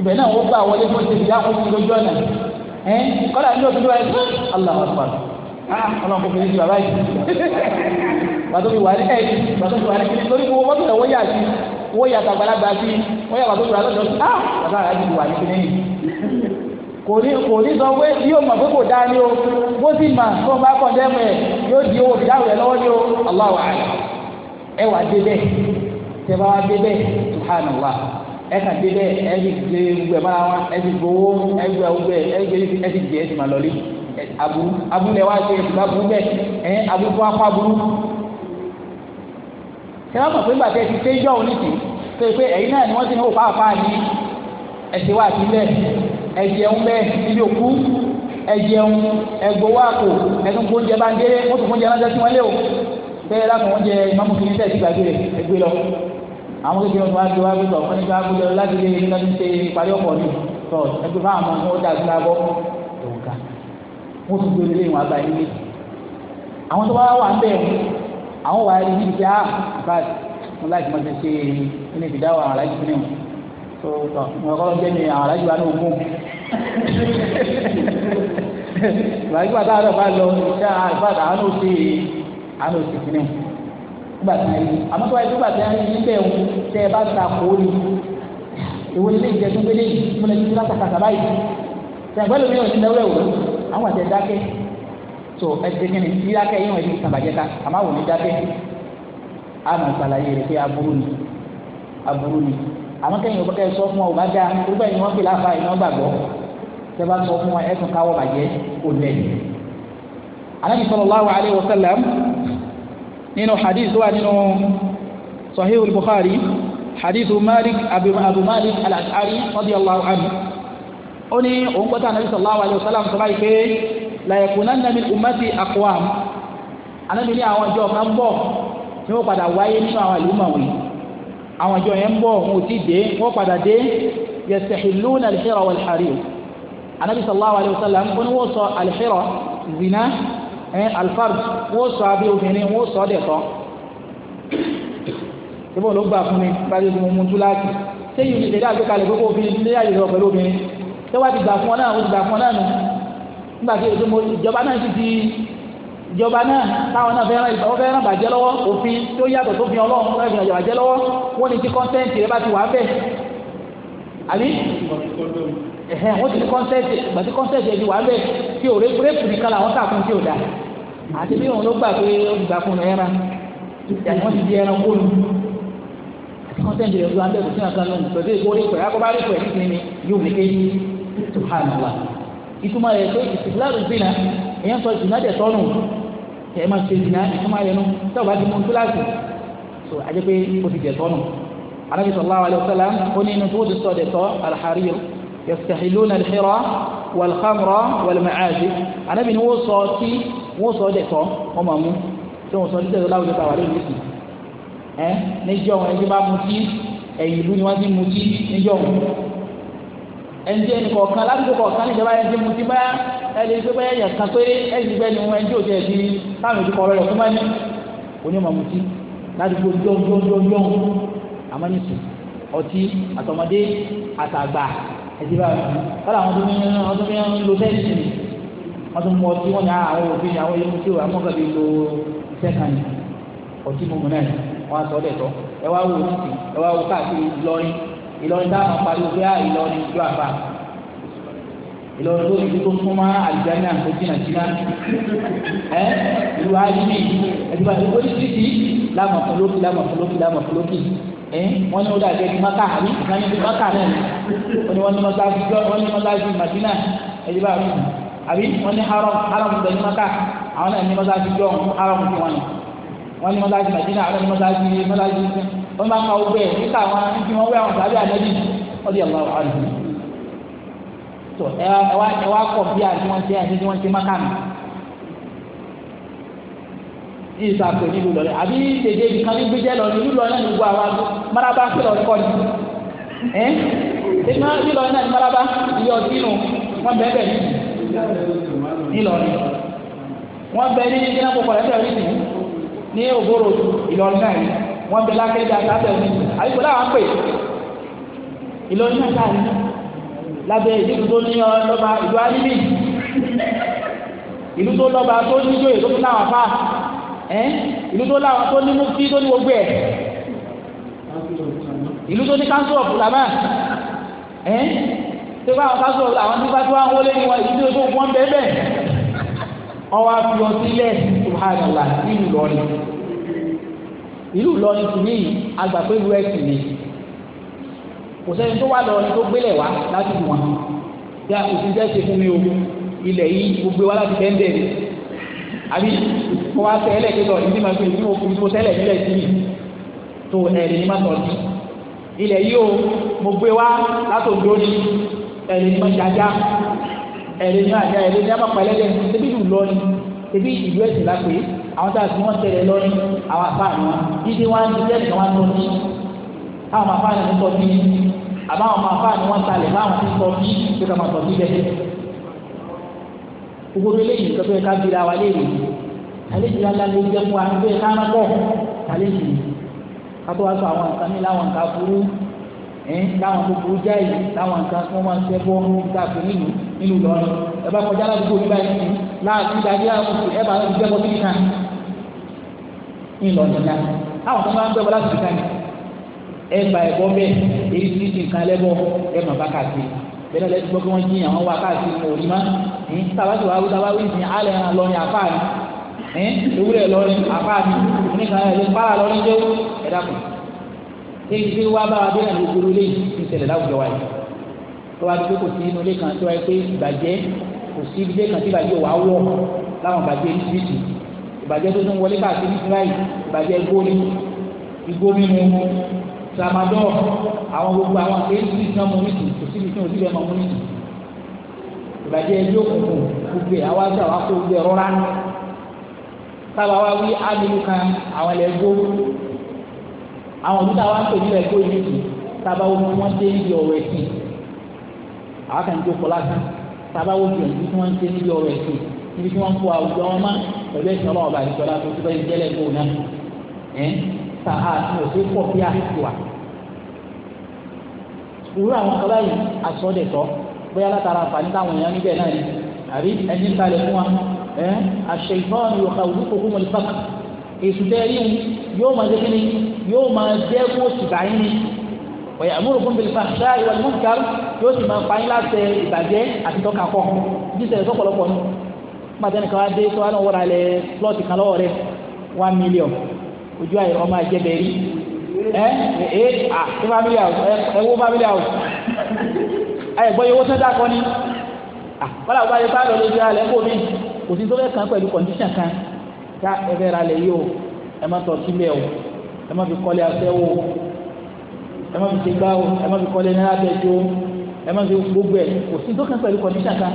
ibẹ̀ náà wọ́n gbà wọlé fún ṣe ìdáwó ó sì lójú ọ̀nà ẹ̀ kọ́lá ní òfin ló wáyé fún aláwọ̀ àpàlù Ah, ọlọ́run kò fi ní bàbá yìí bàtó fi wà ní ẹ̀ẹ́dì fi wà ní kiri lórí gbogbo mọ́tò ẹ̀wọ́ yà sí wọ́n yà tàgbàlagbà sí wọ́n yà bàtó ìrọ̀lẹ́ lọ sí á bàtó àrà ti wà ní yìí kò ní kò ní sọ pé yóò mọ̀ pé kò dáa o bó sì mà bá yóò di owó ìdáhùn rẹ̀ lọ́wọ́ o Allahu aburú aburú lẹ wá ṣe ìfúnná burú bẹ́ẹ̀ ẹ̀ aburú fún apá burú. ṣé wọ́n mọ̀ pé nígbà tẹ́ ti ṣe jọ́ òní sí tó yẹ pé ẹ̀yin náà ni wọ́n ti ní òkú àpá ní ẹ̀sìn wà sí bẹ́ẹ̀ ẹ̀jẹun bẹ́ẹ̀ níbi òkú ẹ̀jẹun ẹ̀gbọ́wọ́ àpò ẹ̀tún kó oúnjẹ bá ń délé wọ́n tún kó oúnjẹ ránṣẹ́ sí wọn lé o bẹ́ẹ̀ lákùn oúnjẹ ìmọ̀mù kìíní tẹ̀ sí gbàgbé rẹ̀ ẹgbẹ́ lọ àwọn kékeré wọn ti wá gbé tọ̀ fún nígbà gbé lọ láti wọ́n sì gbé lé wọn abáyé lé àwọn tó bá wà ń bẹ̀ àwọn wà á rí níbi tí a bá wọn láti máa ṣe ṣe ilé ìdáwọ̀ àwọn alájú fún ẹ̀wọ̀n tó tọ̀ wọn kọ́ jẹ́ ní àwọn alájú wa ní ogún ìwádìí wa táwọn bá lọ ṣe àgbàdo àwọn ò sí àwọn ò sí fún ẹ̀wọ̀n nígbà tí wọn yé àmọ́ tó wáyé nígbà tí wọn yé níbẹ̀ ń tẹ́ ẹ bá ta kó ìwé ilé ìjẹsùn gbélé ìmúlẹ̀ ní látàkàtà báyìí tẹ̀gbẹ́ lómi ò ní lẹ́wọ́ àwọn àti ẹdákẹ́ tó ẹdí kí ni dídákẹ́ yín wọn ẹdí sàbàjẹ́ ká àmọ́ àwọn ní dákẹ́ àmọ́ ìsàlàyé rẹ̀ pé aburú ni aburú ni àmọ́ kẹ́yìn ọba kẹ́yìn sọ fún wa ò bá dáa nígbà yìí wọ́n pè láfa ìná gbàgbọ́ tẹ́ bá sọ fún wa ẹ̀sùn káwọ́ bàjẹ́ kò lẹ̀. Ànábì sallallahu alaihi wa sallam nínú hadith wa nínú sahih bukhari hadith Malik abu Malik al-Ash'ari radiyallahu anhu ó ní òun gbọ́tà anabi sallallahu alayhi wa sallam sọ báyìí pé la yakunanna min ummati aqwam anabi ní àwọn ìjọ kan bọ̀ ni wọ́n padà wáyé nínú àwọn àlùmọ̀ wọn àwọn ìjọ yẹn ń bọ̀ wọn ò tí dé wọ́n padà dé yastahilluna al-hira wal-harir anabi sallallahu alayhi wa sallam ó ní wọ́n sọ al-hira zina alfarj wọ́n sọ abẹ́ obìnrin wọ́n sọ dẹ̀tọ́ ìbọn ló gbà fún mi bá yẹ kí mo mú túláàkì sẹ́yìn ìṣẹ̀dá àgbékalẹ̀ gbogbo obìnrin ní ayé lọ pẹ̀lú obìnrin tẹ́wà ti gbà fún ọ náà ó ti gbà fún ọ náà nù nígbà tí èso mo ìjọba náà ti ti ìjọba náà táwọn náà fẹ́ràn ìgbà wọ́n fẹ́ràn bàjẹ́ lọ́wọ́ òfin tó yàtọ̀ tó fi ọlọ́run fẹ́ràn ìgbà bàjẹ́ lọ́wọ́ wọ́n ní ti kọ́ńtẹ́ǹtì rẹ bá ti wà bẹ́ẹ̀ àbí ẹ̀hẹ́n wọ́n ti ní kọ́ńtẹ́ǹtì ìgbà tí kọ́ńtẹ́ǹtì rẹ ti wà bẹ́ẹ̀ tí ò rẹ́pù nìkan làwọn kà fún tí ò dà àti bí òun ló gbà pé ó gbà fún ẹran ìyàtọ̀ wọ́n ti di ẹran kólu subhanallah ìtumọ̀ rẹ̀ pé ìsìláàrù zina èèyàn sọ zina dẹ̀ tọ́nù ẹ̀ máa ṣe zina ìtumọ̀ rẹ̀ nù tẹ́ ò bá ti mú kíláàsì so àjẹ́ pé ó ti dẹ̀ tọ́nù anabi sallallahu alayhi wa sallam ó ní inú tó ti sọ dẹ̀ tọ́ alḥarir yastahiluna alḥira walhamra walmaazi anabi ni wọ́n sọ sí wọ́n sọ dẹ̀ tọ́ wọ́n máa mú tí wọ́n sọ dẹ̀ tọ́ láwùjọ tàwa lórí ìsìn ẹ níjọ́ wọn ẹni bá mutí ẹ̀yìn ìlú ni wọ́n ti mutí níjọ́ wọn ẹnjẹ nìkọ̀ọ̀kan ládùúgbò kọ̀ọ̀kan níjọba ẹnjẹ mu ti báyà ẹni tó báyà yàn kan péré ẹni bẹ́ẹ̀ ni wọn ẹnjẹ òde ẹ̀dí táwọn ìdíkọ̀ ọ̀rọ̀ rẹ̀ fún báyìí onímọ̀ mu ti ládùúgbò jọ́njọ́njọ́n amánìsì ọtí àtọmọdé àtàgbà ẹ̀dí báyìí kọ́lá àwọn tó fi ń lo tẹ́ẹ̀sì wọ́n tún mú ọtí wọ́n ní àwọn òbí àwọn ilé mutí wà mọ́kàn bí lo iṣẹ́ kan ọtí mímu náà wọ́n sọ ọ́ Ìlọrin táwọn pariwo pé á ah, Ìlọrin ìjọ àbá Ìlọrin tó ìlú tó fún máa àlùjáde náà tó jìnnà jìnnà ẹ ìlú ayélujára ẹdínwó àti oríṣiríṣi lámọ̀fọlókì lámọ̀fọlókì lámọ̀fọlókì ẹ wọn ní wọn dàgbẹ́ ní maka àbí ìkànnì ní maka náà wọn ni wọn ní maka àbí wọn ní maka àbí Madina ẹdínwó àbí àbí wọn ní haram haram bẹ ní maka àwọn náà ní maka àbí jọ haram fún wọn wọn ní maka àbí Madina àwọn náà ní maka àbí maka àbí wọ́n máa ka ọgbẹ́ nípa àwọn níbi wọn wé àwọn sàbí ànábì wọ́n di ọ̀la wàhálà yìí tó ẹ wá ẹ wá kọ̀ bí àti wọ́n ṣe àti wọ́n ṣe máka mi ní ìsàpè nílùú lọ́lẹ̀ àbí dèdè nìkan ní gbéjẹ́ lọ nílùú lọ́lẹ̀ ní gbogbo àwọn maraba pé lọ́ọ́ kọ́ ni ẹ́ ẹ̀ka nílùú lọ́lẹ̀ náà ní maraba ìyọ̀ sínú wọn bẹ́ẹ̀ bẹ́ẹ̀ nílọ̀rin wọn bẹ́ẹ̀ ní ìdílé àpòpọ̀ lẹ́sẹ̀ rí ní ògbóró ìlọrin náà wọ́n bẹ lákẹ́jà sábẹ́ mi àyíkò láwọn pè Ìlọrin náà sáà ní lábẹ́ ìdíkù tó ní ọlọ́ba ìlú alíbì ìlú tó lọ́ba tó níjó èdè tó láwọn afá ìlú tó láwọn tó ní mufti tó ní gbogbo ẹ̀ ìlú tó ní council of ulama tó bá àwọn council of àwọn tó bá tó wá ń wọlé ní wọn ìlú tó gbọ́n bẹ́ẹ̀ bẹ́ẹ̀ ọwọ́ àfihàn sílẹ̀ subhanallah nínú Ìlọrin ìlú Ìlọrin tì ní àgbà pé ìlú ẹ̀sìn ni kò sẹ́ni tó wà lọ́rin tó gbélé wá láti wù wọn bí a kò sí jẹ́ ṣe fún mi o ilẹ̀ yìí gbogbo wa láti bẹ́ńdẹ̀ ni àbí mo wá tẹ ẹlẹ́ẹ̀kẹ́ lọ ìdí máa fi ìdí mo fi mo tẹ́lẹ̀ nílẹ̀ sí mi tó ẹ̀rì ni má sọ ilẹ̀ yìí o mo gbé wá látòdó ni ẹ̀rì ni má jájá ẹ̀rì ni má jájá ẹ̀rì ni má pàlẹ́dẹ̀ ṣebí ìlú Ìlọrin ṣebí ìlú ẹ̀sìn lápẹ́ àwọn tá a fi wọ́n tẹ̀lé lọ́rí àwọn àfáàní wọn dídí wọn ti jẹ́ ìtàn wọn tó ní àwọn àfáàní ń sọ bí àbá àwọn àfáàní wọn talẹ̀ báwọn ti sọ bí pé ká máa sọ bí bẹ́ẹ̀. gbogbo eléyìí nǹkan tó yẹ ká bira wa léèrè àlejò alalẹ́ jẹ́ fún wa tó yẹ ká rán pọ̀ àlejò kátó wá sọ àwọn nǹkan ní láwọn nǹkan burú láwọn tó burú jáì láwọn nǹkan tó máa ń tẹ́ bọ́ nínú ìlọrin ẹ bá kọjá ládùúgbò yìí báyìí láàbí ìdájọ́ àwọn ẹ bá ń jẹ́ bọ́ sí nìkan ńlọ nìyà àwọn tó máa ń gbẹ́bọ̀ láti ká ní ẹ gba ẹ̀bọ bẹ́ẹ̀ èyí ti ti nǹkan lẹ́bọ̀ ẹ mọ̀ bá káàkiri bẹ́ẹ̀ lẹ́yìn gbọ́ pé wọ́n jí àwọn wá káàkiri mọ̀ òní má ní tabati wa awúdá wa wí ní alẹ́ hàn lọ́rin àfáà mi ní ewúrẹ́ lọ́rin àfáà mi oníkan ẹ̀ para lọ́rin jẹ́ ẹ̀ dàpọ̀ èyí ti wá bá wa bí ẹ̀ lóko lé ìṣẹ̀lẹ̀ láwùjọ wa yìí tó wá dúpẹ́ kò sí inú ilé kan tó wáyé pé ìbàjẹ́ kò ìbàjẹ́ tó tún wọlé káàkiri israẹli ìbàjẹ́ igbóni igbóni mu tramadol àwọn gbogbo àwọn kéésì ìtàn mu nìkì kò síbi tí wọn ti bẹ́ẹ̀ mọ̀ mu nìkì ìbàjẹ́ ẹjọ́ òkùnkùn gbogbo ẹ̀ àwọn àti àwọn akó gbogbo ẹ̀ rọra sábà wá wí ámìlú kan àwọn ilẹ̀ gbó àwọn òbí táwa ń pè nílẹ̀ gbó yìí nìkì sábà wọ́n mú wọn dé ibi ọ̀rọ̀ ẹ̀sìn àwọn kan jókòó lásán sábà wọ́n gbìyànjú níbi tí wọ́n kó àwùjọ wọn má pẹ̀lú ẹ̀sìn ọlọ́wọ́ bá ìjọba tó ti bẹ́ẹ̀ jẹ́lẹ̀ gbòó náà ẹ̀ ta àti òfin pọ̀ bí àtìkù wa. ìwúrọ̀ àwọn kọlá yìí àsọdẹ̀tọ̀ bóyá látara àǹfààní táwọn èèyàn níbẹ̀ náà ni àbí ẹni ń talẹ̀ fún wa ẹ̀ àṣẹ ìfọ́nù yóò ka òwú kókó mọ̀lẹ́ pàkà èsù tẹ́ yín yóò máa dẹ́kẹ́ni yóò máa jẹ́ kó sìgá yín ni ọ̀yà àmúròkún bẹ̀rẹ̀ fàṣà ìwà ìmúkàrú yóò sì máa pa yín láti ìbàjẹ́ àti tọ́ka kọ́ jíṣẹ́ ìsọ́pọ̀lọpọ̀ ni pàtẹ́ni kan wá dé tó wá náà wọ́n ra lẹ̀ plọ́ọ̀tì kan lọ́wọ́ rẹ̀ one million ojú àyè ọmọ àjẹbẹ̀ rí ẹ ẹ à ẹ family house ẹ wo family house ayẹ gbọ́ yowó sẹ́dá kọ́ ni wọ́lá wọ́n ayé bá lọ lójú alẹ́ kó mi kò sí tó fẹ́ kàn pẹ̀lú condition kan ká ẹ fẹ́ ra lẹ̀ yìí o ẹ má tọ̀ sílẹ̀ o ẹ má fi kọ́lé asẹ́ o ẹ má fi ṣe gbá o ẹ má fi kọ́lé náírà bẹ́ẹ̀ tó ẹ má fi gbogbo ẹ kò sí tó kàn pẹ̀lú condition kan.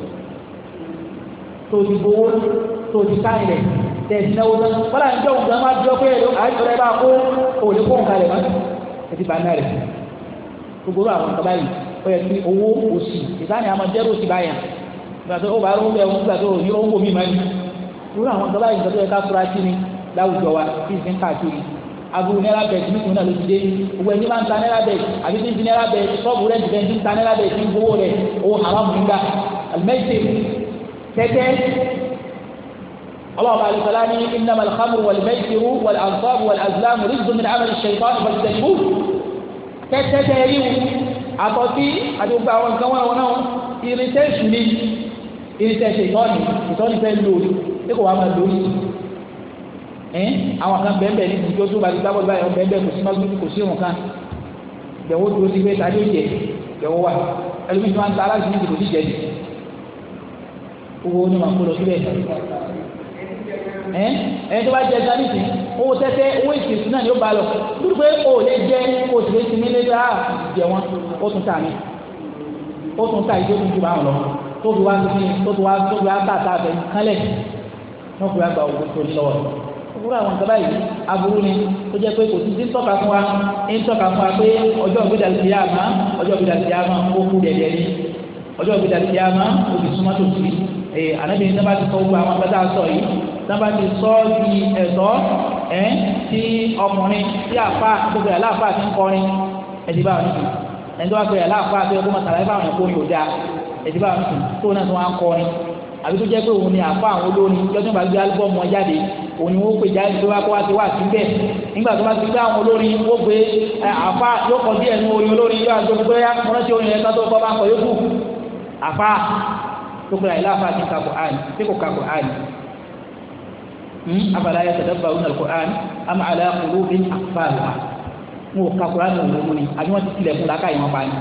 tó ti gbowó tó ti káyìn rẹ̀ tẹ̀sí náwó náà wọ́n láti jọ́ òǹgbà máa jọ pé ẹ̀rọ àìsọ̀rọ̀ ẹ bá kó òòlù kó nǹkan rẹ̀ mọ́ ẹ ti bá náà rẹ̀ gbogbo àwọn nǹkan báyìí ó yẹ kí owó òsì ìsáni àmọ́ jẹ́rù ti báyà nígbà tó ó bá rú bẹ́ẹ̀ nígbà tó ní owó mi máa ní irú àwọn nǹkan báyìí nǹkan tó ká fura sí ni láwùjọ wa kí n káàkiri aburú náírà bẹ́ẹ̀ tí nìkan náà ló ti dé owó ẹni máa ń ta náírà bẹ́ẹ̀ àbí tí ń ti náírà bẹ́ẹ̀ sọ́ọ̀bù rẹ̀ ti bẹ́ẹ̀ ń ta náírà bẹ́ẹ̀ ti ń gbowó rẹ̀ owó haram nígbà àlùmẹ́sẹ̀ tẹ́tẹ́ ọlọ́ọ̀bá alùpàlá ní innama al-khamru wal-maysiru wal-ansabu wal-azlamu rizqun min amali ash-shaytan fajtanibu tẹ́tẹ́ tẹ́ yíwu àtọ́tí àti gbogbo àwọn wọn náà irinṣẹ́ èṣù irinṣẹ́ èṣù ìtọ́ni fẹ́ lò ní kò wá máa lò ẹ́ àwọn kan bẹ́ẹ̀ ní ìjọ tó bá gbábọ́ báyìí wọn kò sí owó ní màá kó lọ síbẹ̀ ẹ ẹni tó bá jẹ ẹja nìsín owó tẹ́tẹ́ owó ìṣèṣù náà ni ó bá lọ dúró pé o lè jẹ o sì lè sinmi lé dáa ah, jẹ wọn ó tún tà mí ó tún tà ìdí ó tún lọ tó fi wá sí tó fi wá tó fi wá bá àtà àbẹ kálẹ̀ wọn fi wá gba owó tó ní lọ́wọ́ òwúrọ̀ àwọn ìjọba yìí aburú ni ó jẹ́ pé kò sí sí tọ́ka fún wa ń tọ́ka fún wa pé ọjọ́ ògbéjà ti yá àmọ́ ọjọ́ ògbéjà ti yá àmọ́ ó kú dẹ̀dẹ̀ ni ọjọ́ ògbéjà ti yá àmọ́ ó fi súnmọ́ tòṣì ee eh, anabi ní sábà ti sọ gbogbo àwọn akpẹ́tà sọ yìí sábà ti sọ di ẹ̀tọ́ ẹ̀ ti ọkùnrin ti àfa gbogbo yàrá àfa ti ń kọrin ẹ̀dí bá wọn nìkan ẹni tó bá gbé yàrá àfa tó yẹ kó máa sàlàyé bá wọn ẹ̀kọ́ yóò dáa ẹ̀dí bá wọn nìkan tó náà tó wọn kọrin àbí tó jẹ́ pé òun ni àfa àwọn olórin lọ́jọ́ bá gbé álúbọ̀mù wọn jáde òun ni wọ́n pè jáde tó bá kó wá ti wá sí bẹ́ẹ̀ nígbà tó bá ti gbé àwọn olórin wọ́n gbé àfa yóò kọ díẹ̀ nu orin olórin yóò tó pé àyè láàfáà ti ka Qur'an tí kò ka Qur'an hmm? afala yatadabbaruna al-Qur'an am ala qulubin aqfaluha wọn ò ka Qur'an wọn lóko ni àbí wọn ti tilẹ̀ fún làákàyè wọn pa ni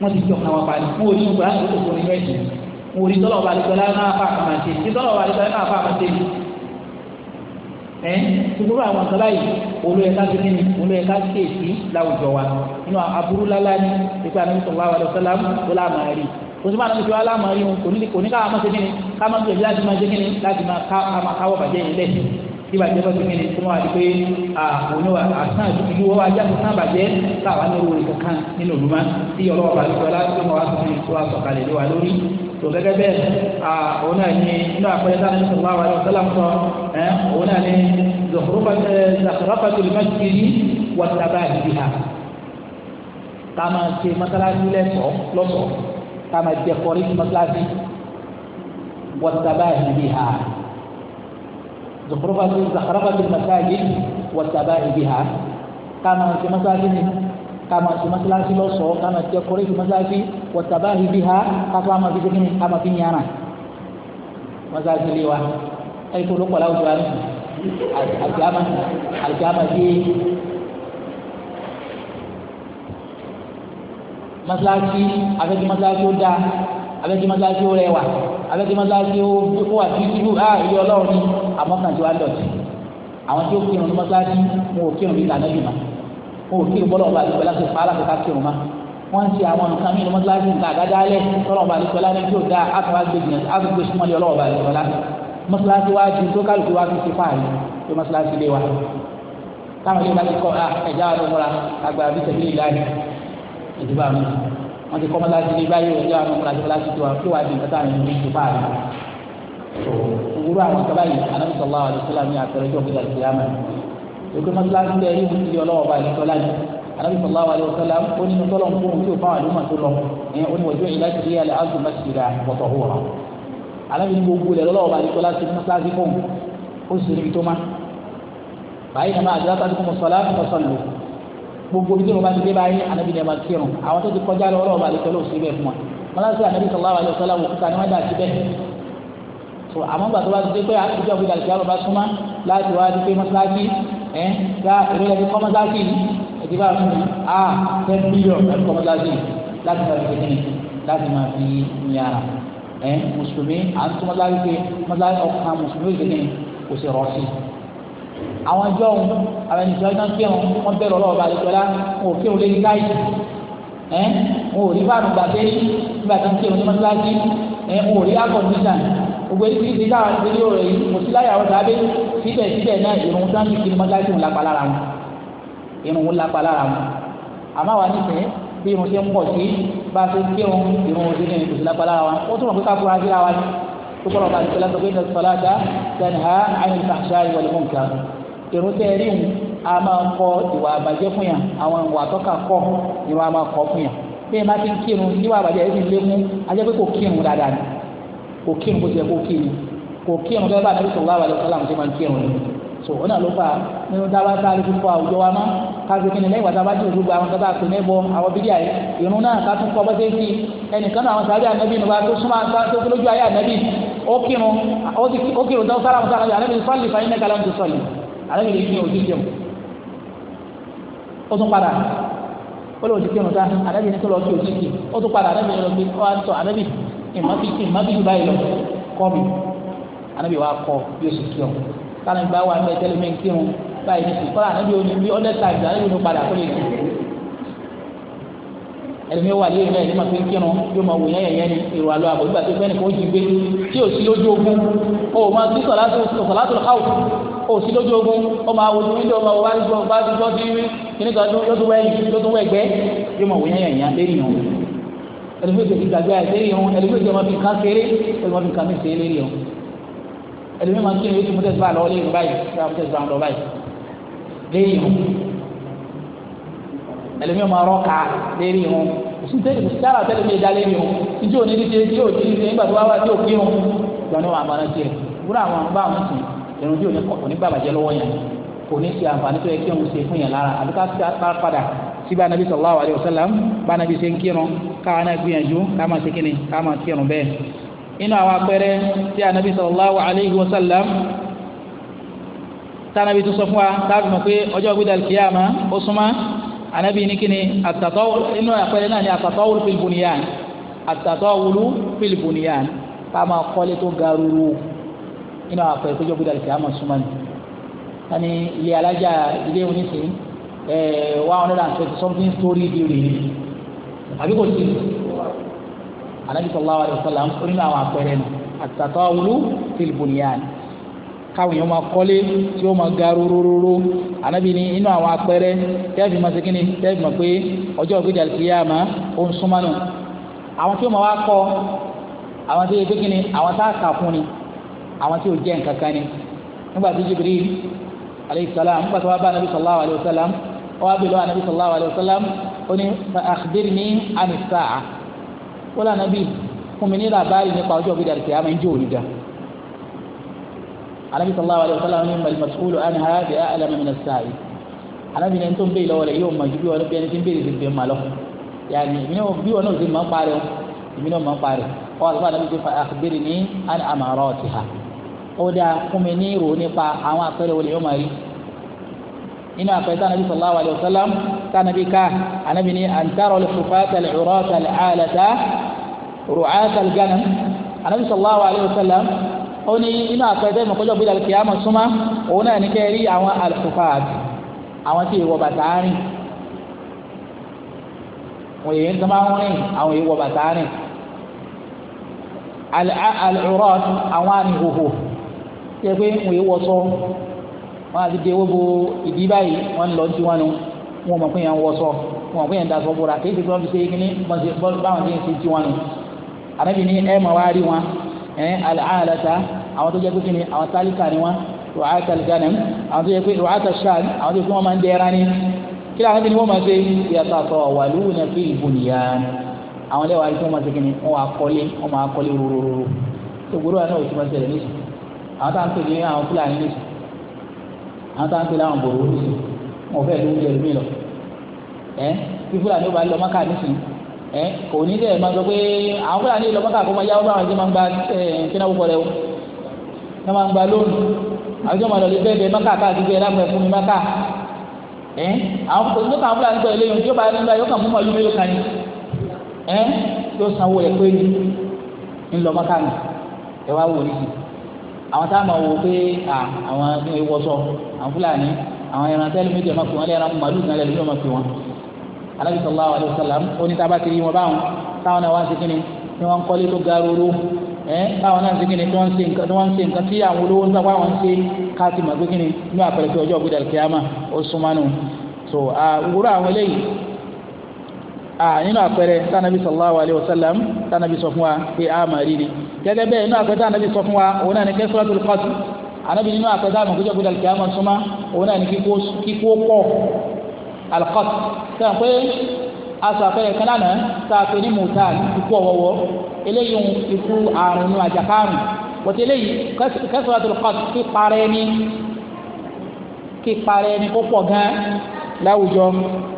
wọn ti jọ fún wọn pa ni wọn ò ní Qur'an tó tó ní mẹ́sì wọn ò ní tọ́lọ̀ ọba àdìgbọ́lá náà fà kàmá ṣe ní tọ́lọ̀ ọba àdìgbọ́lá náà fà kàmá ṣe ẹ tuntun àwọn àgbà yìí olú ẹ̀ka ti ní olú ẹ̀ka ti èsì láwùjọ wa inú aburú lálá ni ìpè àná òṣùpá náà fi wá lámàrí wọn kò ní káwá máa ṣe kíni ká máa tẹ̀lé láti máa ṣe kíni láti máa káwọ́ bàjẹ́ ilẹ̀ tí bàjẹ́ bá ṣe kíni tó máa di pé àwọn oníwà àṣà ìlú wọ́n wá jáde sáà bàjẹ́ káwá ní owó kankan nínú òlùmá tí ọlọ́wọ́ bá ṣe láti máa wá sọ̀kalẹ̀ tó wá sọ̀kalẹ̀ lé wa lórí tó gẹ́gẹ́ bẹ́ẹ̀ òun náà ní inú àpẹẹrẹ sáà ní sọ̀rọ̀ wa sọ́lá sọ òun náà ní zọ̀kọ̀rọ̀fà tó lè má kama dẹkọrí mọ́sálásí wọ́tàbá ìbí ha zakarabatu masaji wọ́tàbá ìbí ha kama ti mọ́sálásí ni kama ti mọ́sálásí lọ́sọ̀ọ́ kama dẹkọrí mọ́sálásí wọ́tàbá ìbí ha kápá ma fi dẹ́kun kama fi nyàrá mọ́sálásí lé wa ẹ̀kọ́ ló kọ́ láwùjọ àti àmà àti àmà bíi. masalasi afẹ́kí masalasi ó dáa afẹ́kí masalasi ó rẹwà afẹ́kí masalasi ó kó wà sí ìlú a ìlú ọlọ́run ni àmọ́ kan ti wá dọ̀tí àwọn tí o kírun ní masalasi wọn ò kírun ní ìlànà yìí ma wọn ò kírun bọ́lọ̀ ọba àdìgbò láti pa aláṣẹ ká kírun ma wọ́n ti àwọn nǹkan mí ní masalasi nǹkan àdáda alẹ́ tọ́lọ̀ ọba àdìgbò láti tí ó dáa àtàwọn agbègbè sumali ọlọ́wọ́ ọba àdìgbò láti masalasi wa ti tó kálukú wa fi ti fáàlì tó masalasi lé wa táwọn ilé wa ti kọ́ ẹ̀já wa ló múra àgbà àbí tẹ̀lé ìlànà ètò bá mi wọn ti kọ́ mọ́tàlásí ní báyìí òjò àwọn mọ́tàlásí mọ́tàlásí tó wà kí wàá di nǹkan táwọn ènìyàn ti bá rẹ̀ òwúrọ̀ àwọn kaba yìí anabi sọlá wa alẹ́ sọlá mi àtẹ̀rẹ́ jọ gbẹdà sí àmà ètò mọ́tàlásí tẹ̀ ẹ̀rí ìwúsí ọlọ́wọ́ bá yìí sọlá yìí anabi sọlá wa alẹ́ sọlá ó ní sọlá ń fún tí o fáwọn àdúmọ̀ tó lọ ẹ̀ ó ní wọ́n jọ ìlà ti alẹ́ azu masira wọ́tọ̀ hó gbogbo ibi tí wọn bá ti dé báyìí anabi ní ẹ máa kírun àwọn tó ti kọjá lọ ọlọ́ọ̀bà àlejò ló sì bẹ̀ fún wa wọn láti sọ anabi sallallahu alaihi wasallam òkúta ni wọn dà síbẹ̀ so àmọ́ gbà tó bá ti dé pé àtijọ́ ìgbà tí wọn bá súnmọ́ láti wá di pé mọ́sáàkì ẹ̀ gba ìrẹ́lẹ̀ bí kọ́ mọ́sáàkì ẹ̀dí bá fún mi a ten billion ẹ̀dí kọ́ láti máa fi kíni láti máa fi yàrá ẹ̀ mùsùlùmí à ń tún mọ́sáàkì pé ọkàn mùsùlùmí kò sí rọ́ọ̀sì àwọn ẹjọ́ òun àwọn ẹni ìṣọ́jú náà kírun wọ́n bẹ̀rù ọlọ́ọ̀bà àdìjọ́lá wọn ò kírun lé ní káyì ẹ wọn ò rí fáànù gbàgbé nígbà tó ń kírun ní mọ́tíláṣí ẹ wọn ò rí akọ̀ǹdíṣàn gbogbo ẹni tí ìdílé àwọn ìdílé rẹ̀ yìí kò sí láyàwó tàbí síbẹ̀síbẹ̀ náà ìrùn tó ń kí kiri mọ́tíláṣí òun lápá lára wọn ìrùn òun lápá lára wọn àmọ́ wa nífẹ̀ẹ́ bí irun ṣe ń pọ̀ sí bá a ṣe kírun ìrùn òun ṣe ní ìrùn lápá lára wọn ó túnbọ̀ pé ká fura síra wa ni tó kọ́ irun tẹ́ ẹ rí òun a máa kọ ìwà àbàjẹ́ fún yàn àwọn ìwà tọ́ka kọ́ irun a máa kọ́ fún yàn bí ẹ ti ń kírun níwà àbàjẹ́ ẹ ti lékún ajẹ́ pé kò kírun dáadáa ni kò kírun bó ti yẹ kó kírun kò kírun bẹ́ẹ̀ bá àtúntò wà wàlẹ̀ sọ́lá àti máa kírun ni so ọ̀nà ló fà nínú dábàá tá a lè fi kọ àwùjọ wa mọ́ káfí kí ni lẹ́yìn wàtá bá ti rú gba àwọn tó bá pè ní ẹbọ àwọn bídíà yìí irun náà ká tún kọ́ bọ́sẹ̀ sí ẹnìkan náà àwọn sàbẹ̀ ànábì nípa tó súnmọ́ àtúntò lójú ayé ànábì ó kírun ó kírun tó sára àwọn sàbẹ̀ ànábì sọ́ọ̀lì fàyín náà kálá tó sọ́ọ̀lì alábi lè fi òjì jẹun ó tún padà ó lè òjì jẹun ta alábi ní kó lọ sí òjì jẹun ó tún padà alábi lè lọ sí ọ àtọ alábi ìmọ̀bí ìmọ̀bí ju báyìí lọ kọ́ mi alábi wa kọ bí ó sì kí ọ kálí bá wà ní ẹtẹ́lẹ́mí kírun báyìí ní kọ́ alábi ó ní bí ọ́dẹ́ tàbí alábi ó ní padà kó lè kí ẹlòmíì wà lórí rẹ nígbà tó ń kírun yóò máa wò yẹn yẹn yẹn èrò àlọ àbò nígbà tó fẹ́ẹ́ nìkan ó jí gbé tí ò sí lójú ogun o máa ti sọ̀lá tó sọ̀lá tó káwù òsì lójú ogun ó máa wo tìwíńdò ó máa wo bájú gbọ́n bájú gbọ́n tí wí kíní kan yóò tún wẹ̀ yóò tún wẹ̀ gbẹ́ yóò máa wò yẹn yẹn yẹn lérí yẹn ẹlòmíì ti gbàgbé àìsè yẹn ẹlòmíì ti ọmọ fi kán kéré ẹlòmíì ọmọ fi kán mi sè é lérí yẹn ẹlòmíì máa ń kíni yóò mọtẹsí báà lọ lérí báyìí yóò mọtẹsí báà lọ báyìí lérí yẹn ẹlòmíì máa rọ ká lérí yẹn sùtẹ́lẹ̀ sára tẹ́lẹ̀ mi dalẹ̀ mi o njẹ́ òní ní tiẹ̀ tí yóò ti ṣe nígbà tó wá wá tí yóò kí o gbọ́n ní wàá mọ̀nà tiẹ̀ wúrà àwọn ọba àwọn sùn irun tí ò ní kọ̀tún ní bàbàjẹ́ lọ́wọ́ yẹn kò ní ṣe àǹfààní tó yẹ kí òun ṣe fún yẹn lára àbí ká padà síbi anabi sallallahu alayhi wa sallam bá anabi ṣe ń kírun káwọn náà gbìyànjú ká máa ṣe kíni ká máa kírun bẹ́ẹ̀. inú àwọn apẹẹrẹ tí anabi sallallahu alayhi wa sallam tánàbí tó sọ fún wa táàbì mọ̀ pé ọjọ́ nínú àwọn àpẹẹrẹ tójọ́ gbọ́dọ̀ àlùkìyàmà súnmọ́ ni wọ́n ní ilé alájà ilé oníṣẹ́ one hundred and twenty something story building àbí kò sí anabi sallallahu alayhi wa sallam ó nínú àwọn àpẹẹrẹ nù àtàtà wulu fil bunyan káwọn yẹn máa kọ́lé tí ó máa ga rorororo anabi ni inú àwọn àpẹẹrẹ tẹ́ẹ̀fì máa ṣe kíni tẹ́ẹ̀fì máa pé ọjọ́ ògbéjà àlùkìyàmà ó ń súnmọ́ nù àwọn tí ó máa wá kọ́ àwọn tí ó yẹ kíni àwọn tá a kà fún ni. àwọn tí ò jẹ́ nǹkan kan ni nígbà tí Jibril alayhi salam nígbà tí wọ́n bá anabi sallallahu alayhi wa sallam wọ́n wá bèèrè anabi sallallahu alayhi wa sallam ó ní akhbirni ani sa'a wọ́n lọ́wọ́ anabi fún mi ní labari nípa ọjọ́ bí dàrí kìyàmá ń jẹ́ òní dá anabi sallallahu alayhi wa sallam ní malima sukulu ani ha bi a a'lama min as-sa'i anabi ní ntọ́ nbẹ́ bèèrè rẹ̀ yóò ma ju bí wọn bí bẹ́ẹ̀ ni tí ń bẹ́ẹ̀ ti bèèrè mà lọ yàrá bí wọn náà ti máa ń parẹ́ o èmi náà máa ń parẹ́ ọ àti fún anabi ti fa akhbirni an amaratiha ó dáa fún mi ní ìrò nípa àwọn àpẹẹrẹ wo lè yọ máa rí nínú àpẹẹrẹ tí anabi sallallahu alayhi wa sallam tí anabi ká anabi ní antaro lufufata lurata alata ruata alganam anabi sallallahu alayhi wa sallam ó ní inú àpẹẹrẹ mọ̀kọ́jọ́ bí alikiyama súnmọ́ òun náà ní kẹ́ rí àwọn alufufat àwọn tí ìwọ bàtà wọ́n yìí ń tọ́ máa àwọn ìwọ bàtà rìn alurata àwọn àni yẹ pé wọn yìí wọṣọ wọn àti dèwọ́ bo ìdí báyìí wọn ń lọ sí wọn nu wọn mọ̀ pé yẹn ń wọṣọ wọn mọ̀ pé yẹn ń daṣọ bóra kì í ti kí wọn fi ṣe kíní báwọn ti ń ṣe ti wọn nu ànábì ní ẹ mọ̀ wá rí wọn ẹ alàlàta àwọn tó jẹ́ pé kíni àwọn tálíkà ni wọn ruwata alganam àwọn tó yẹ pé ruwata shad àwọn tó yẹ pé wọn máa ń dẹra ni kí lóò àwọn wọn máa ṣe yàtọ̀ àtọ̀ wàlú na fi ìbònìyà àwọn àwọn tá à ń pè ní àwọn fúlàní nìsí àwọn tá à ń pè láwọn bòrò nìsí wọn fẹ́ẹ́ lóúnjẹ lómi lọ ẹ bí fúlàní ó bá lọ mọ́kà nìsí ẹ kò ní dẹ̀ máa sọ pé àwọn fúlàní lọ mọ́kà kó máa yáwó báwọn ṣe máa ń gba kíná púpọ̀ o wọ́n máa ń gba lóònù àwọn tí wọ́n máa lọ lè bẹ́ẹ̀ bẹ́ẹ̀ mọ́kà káàkiri ẹ̀ lápẹ̀ fún mi mọ́kà ẹ àwọn olùkọ́ àwọn fúlàní pẹ̀lú ẹ̀yìn tí ó bá nígbà yóò kàn mú màlúù mélòó kan ni ẹ yóò sanwó àwọn tá a máa wò pé àwọn ní ewu ọsọ àwọn fúlàní àwọn ẹran tẹ́lẹ̀ méjì ọmọ pè wọ́n lẹ́ran màlúù kan lẹ́nu ọmọ pè wọ́n alábi sallallahu alayhi wa sallam ó ní tábà ti rí wọn báwọn táwọn náà wá sí kíni ni wọ́n ń kọ́lé tó ga roro ẹ́ táwọn náà sí kíni tí wọ́n ń ṣe nǹkan tí àwọn olówó ń sábà wọ́n ń ṣe káàtì màgbé kíni ní àpẹẹrẹ pé ọjọ́ ògbé dàlùkìyàmà ó súnmánu so àwòrán àwọn eléyìí nínú àpẹẹrẹ tánàbí sallallahu alayhi wa sallam tánàbí sọ fún wa pé a máa rí ni gẹ́gẹ́ bẹ́ẹ̀ inú àpẹta ànábi sọ fún wa òun náà ní kẹ́sọ́ tó lùkọ́ tù ànábi nínú àpẹta àmọ̀kújọ́ gbọdọ̀ kí á mọ̀ súnmọ́ òun náà ní kíkó pọ̀ alkọ́t sẹ́wọ̀n pé aṣọ àpẹẹrẹ kan lánàá tá a pè ní mùtáàl ikú ọ̀wọ́wọ́ eléyìí ikú àrùn nu àjàkárùn wọ́tí eléyìí kẹ́sọ́ tó lùkọ́ tù ní kí ní kó pọ̀ gan-an láwùjọ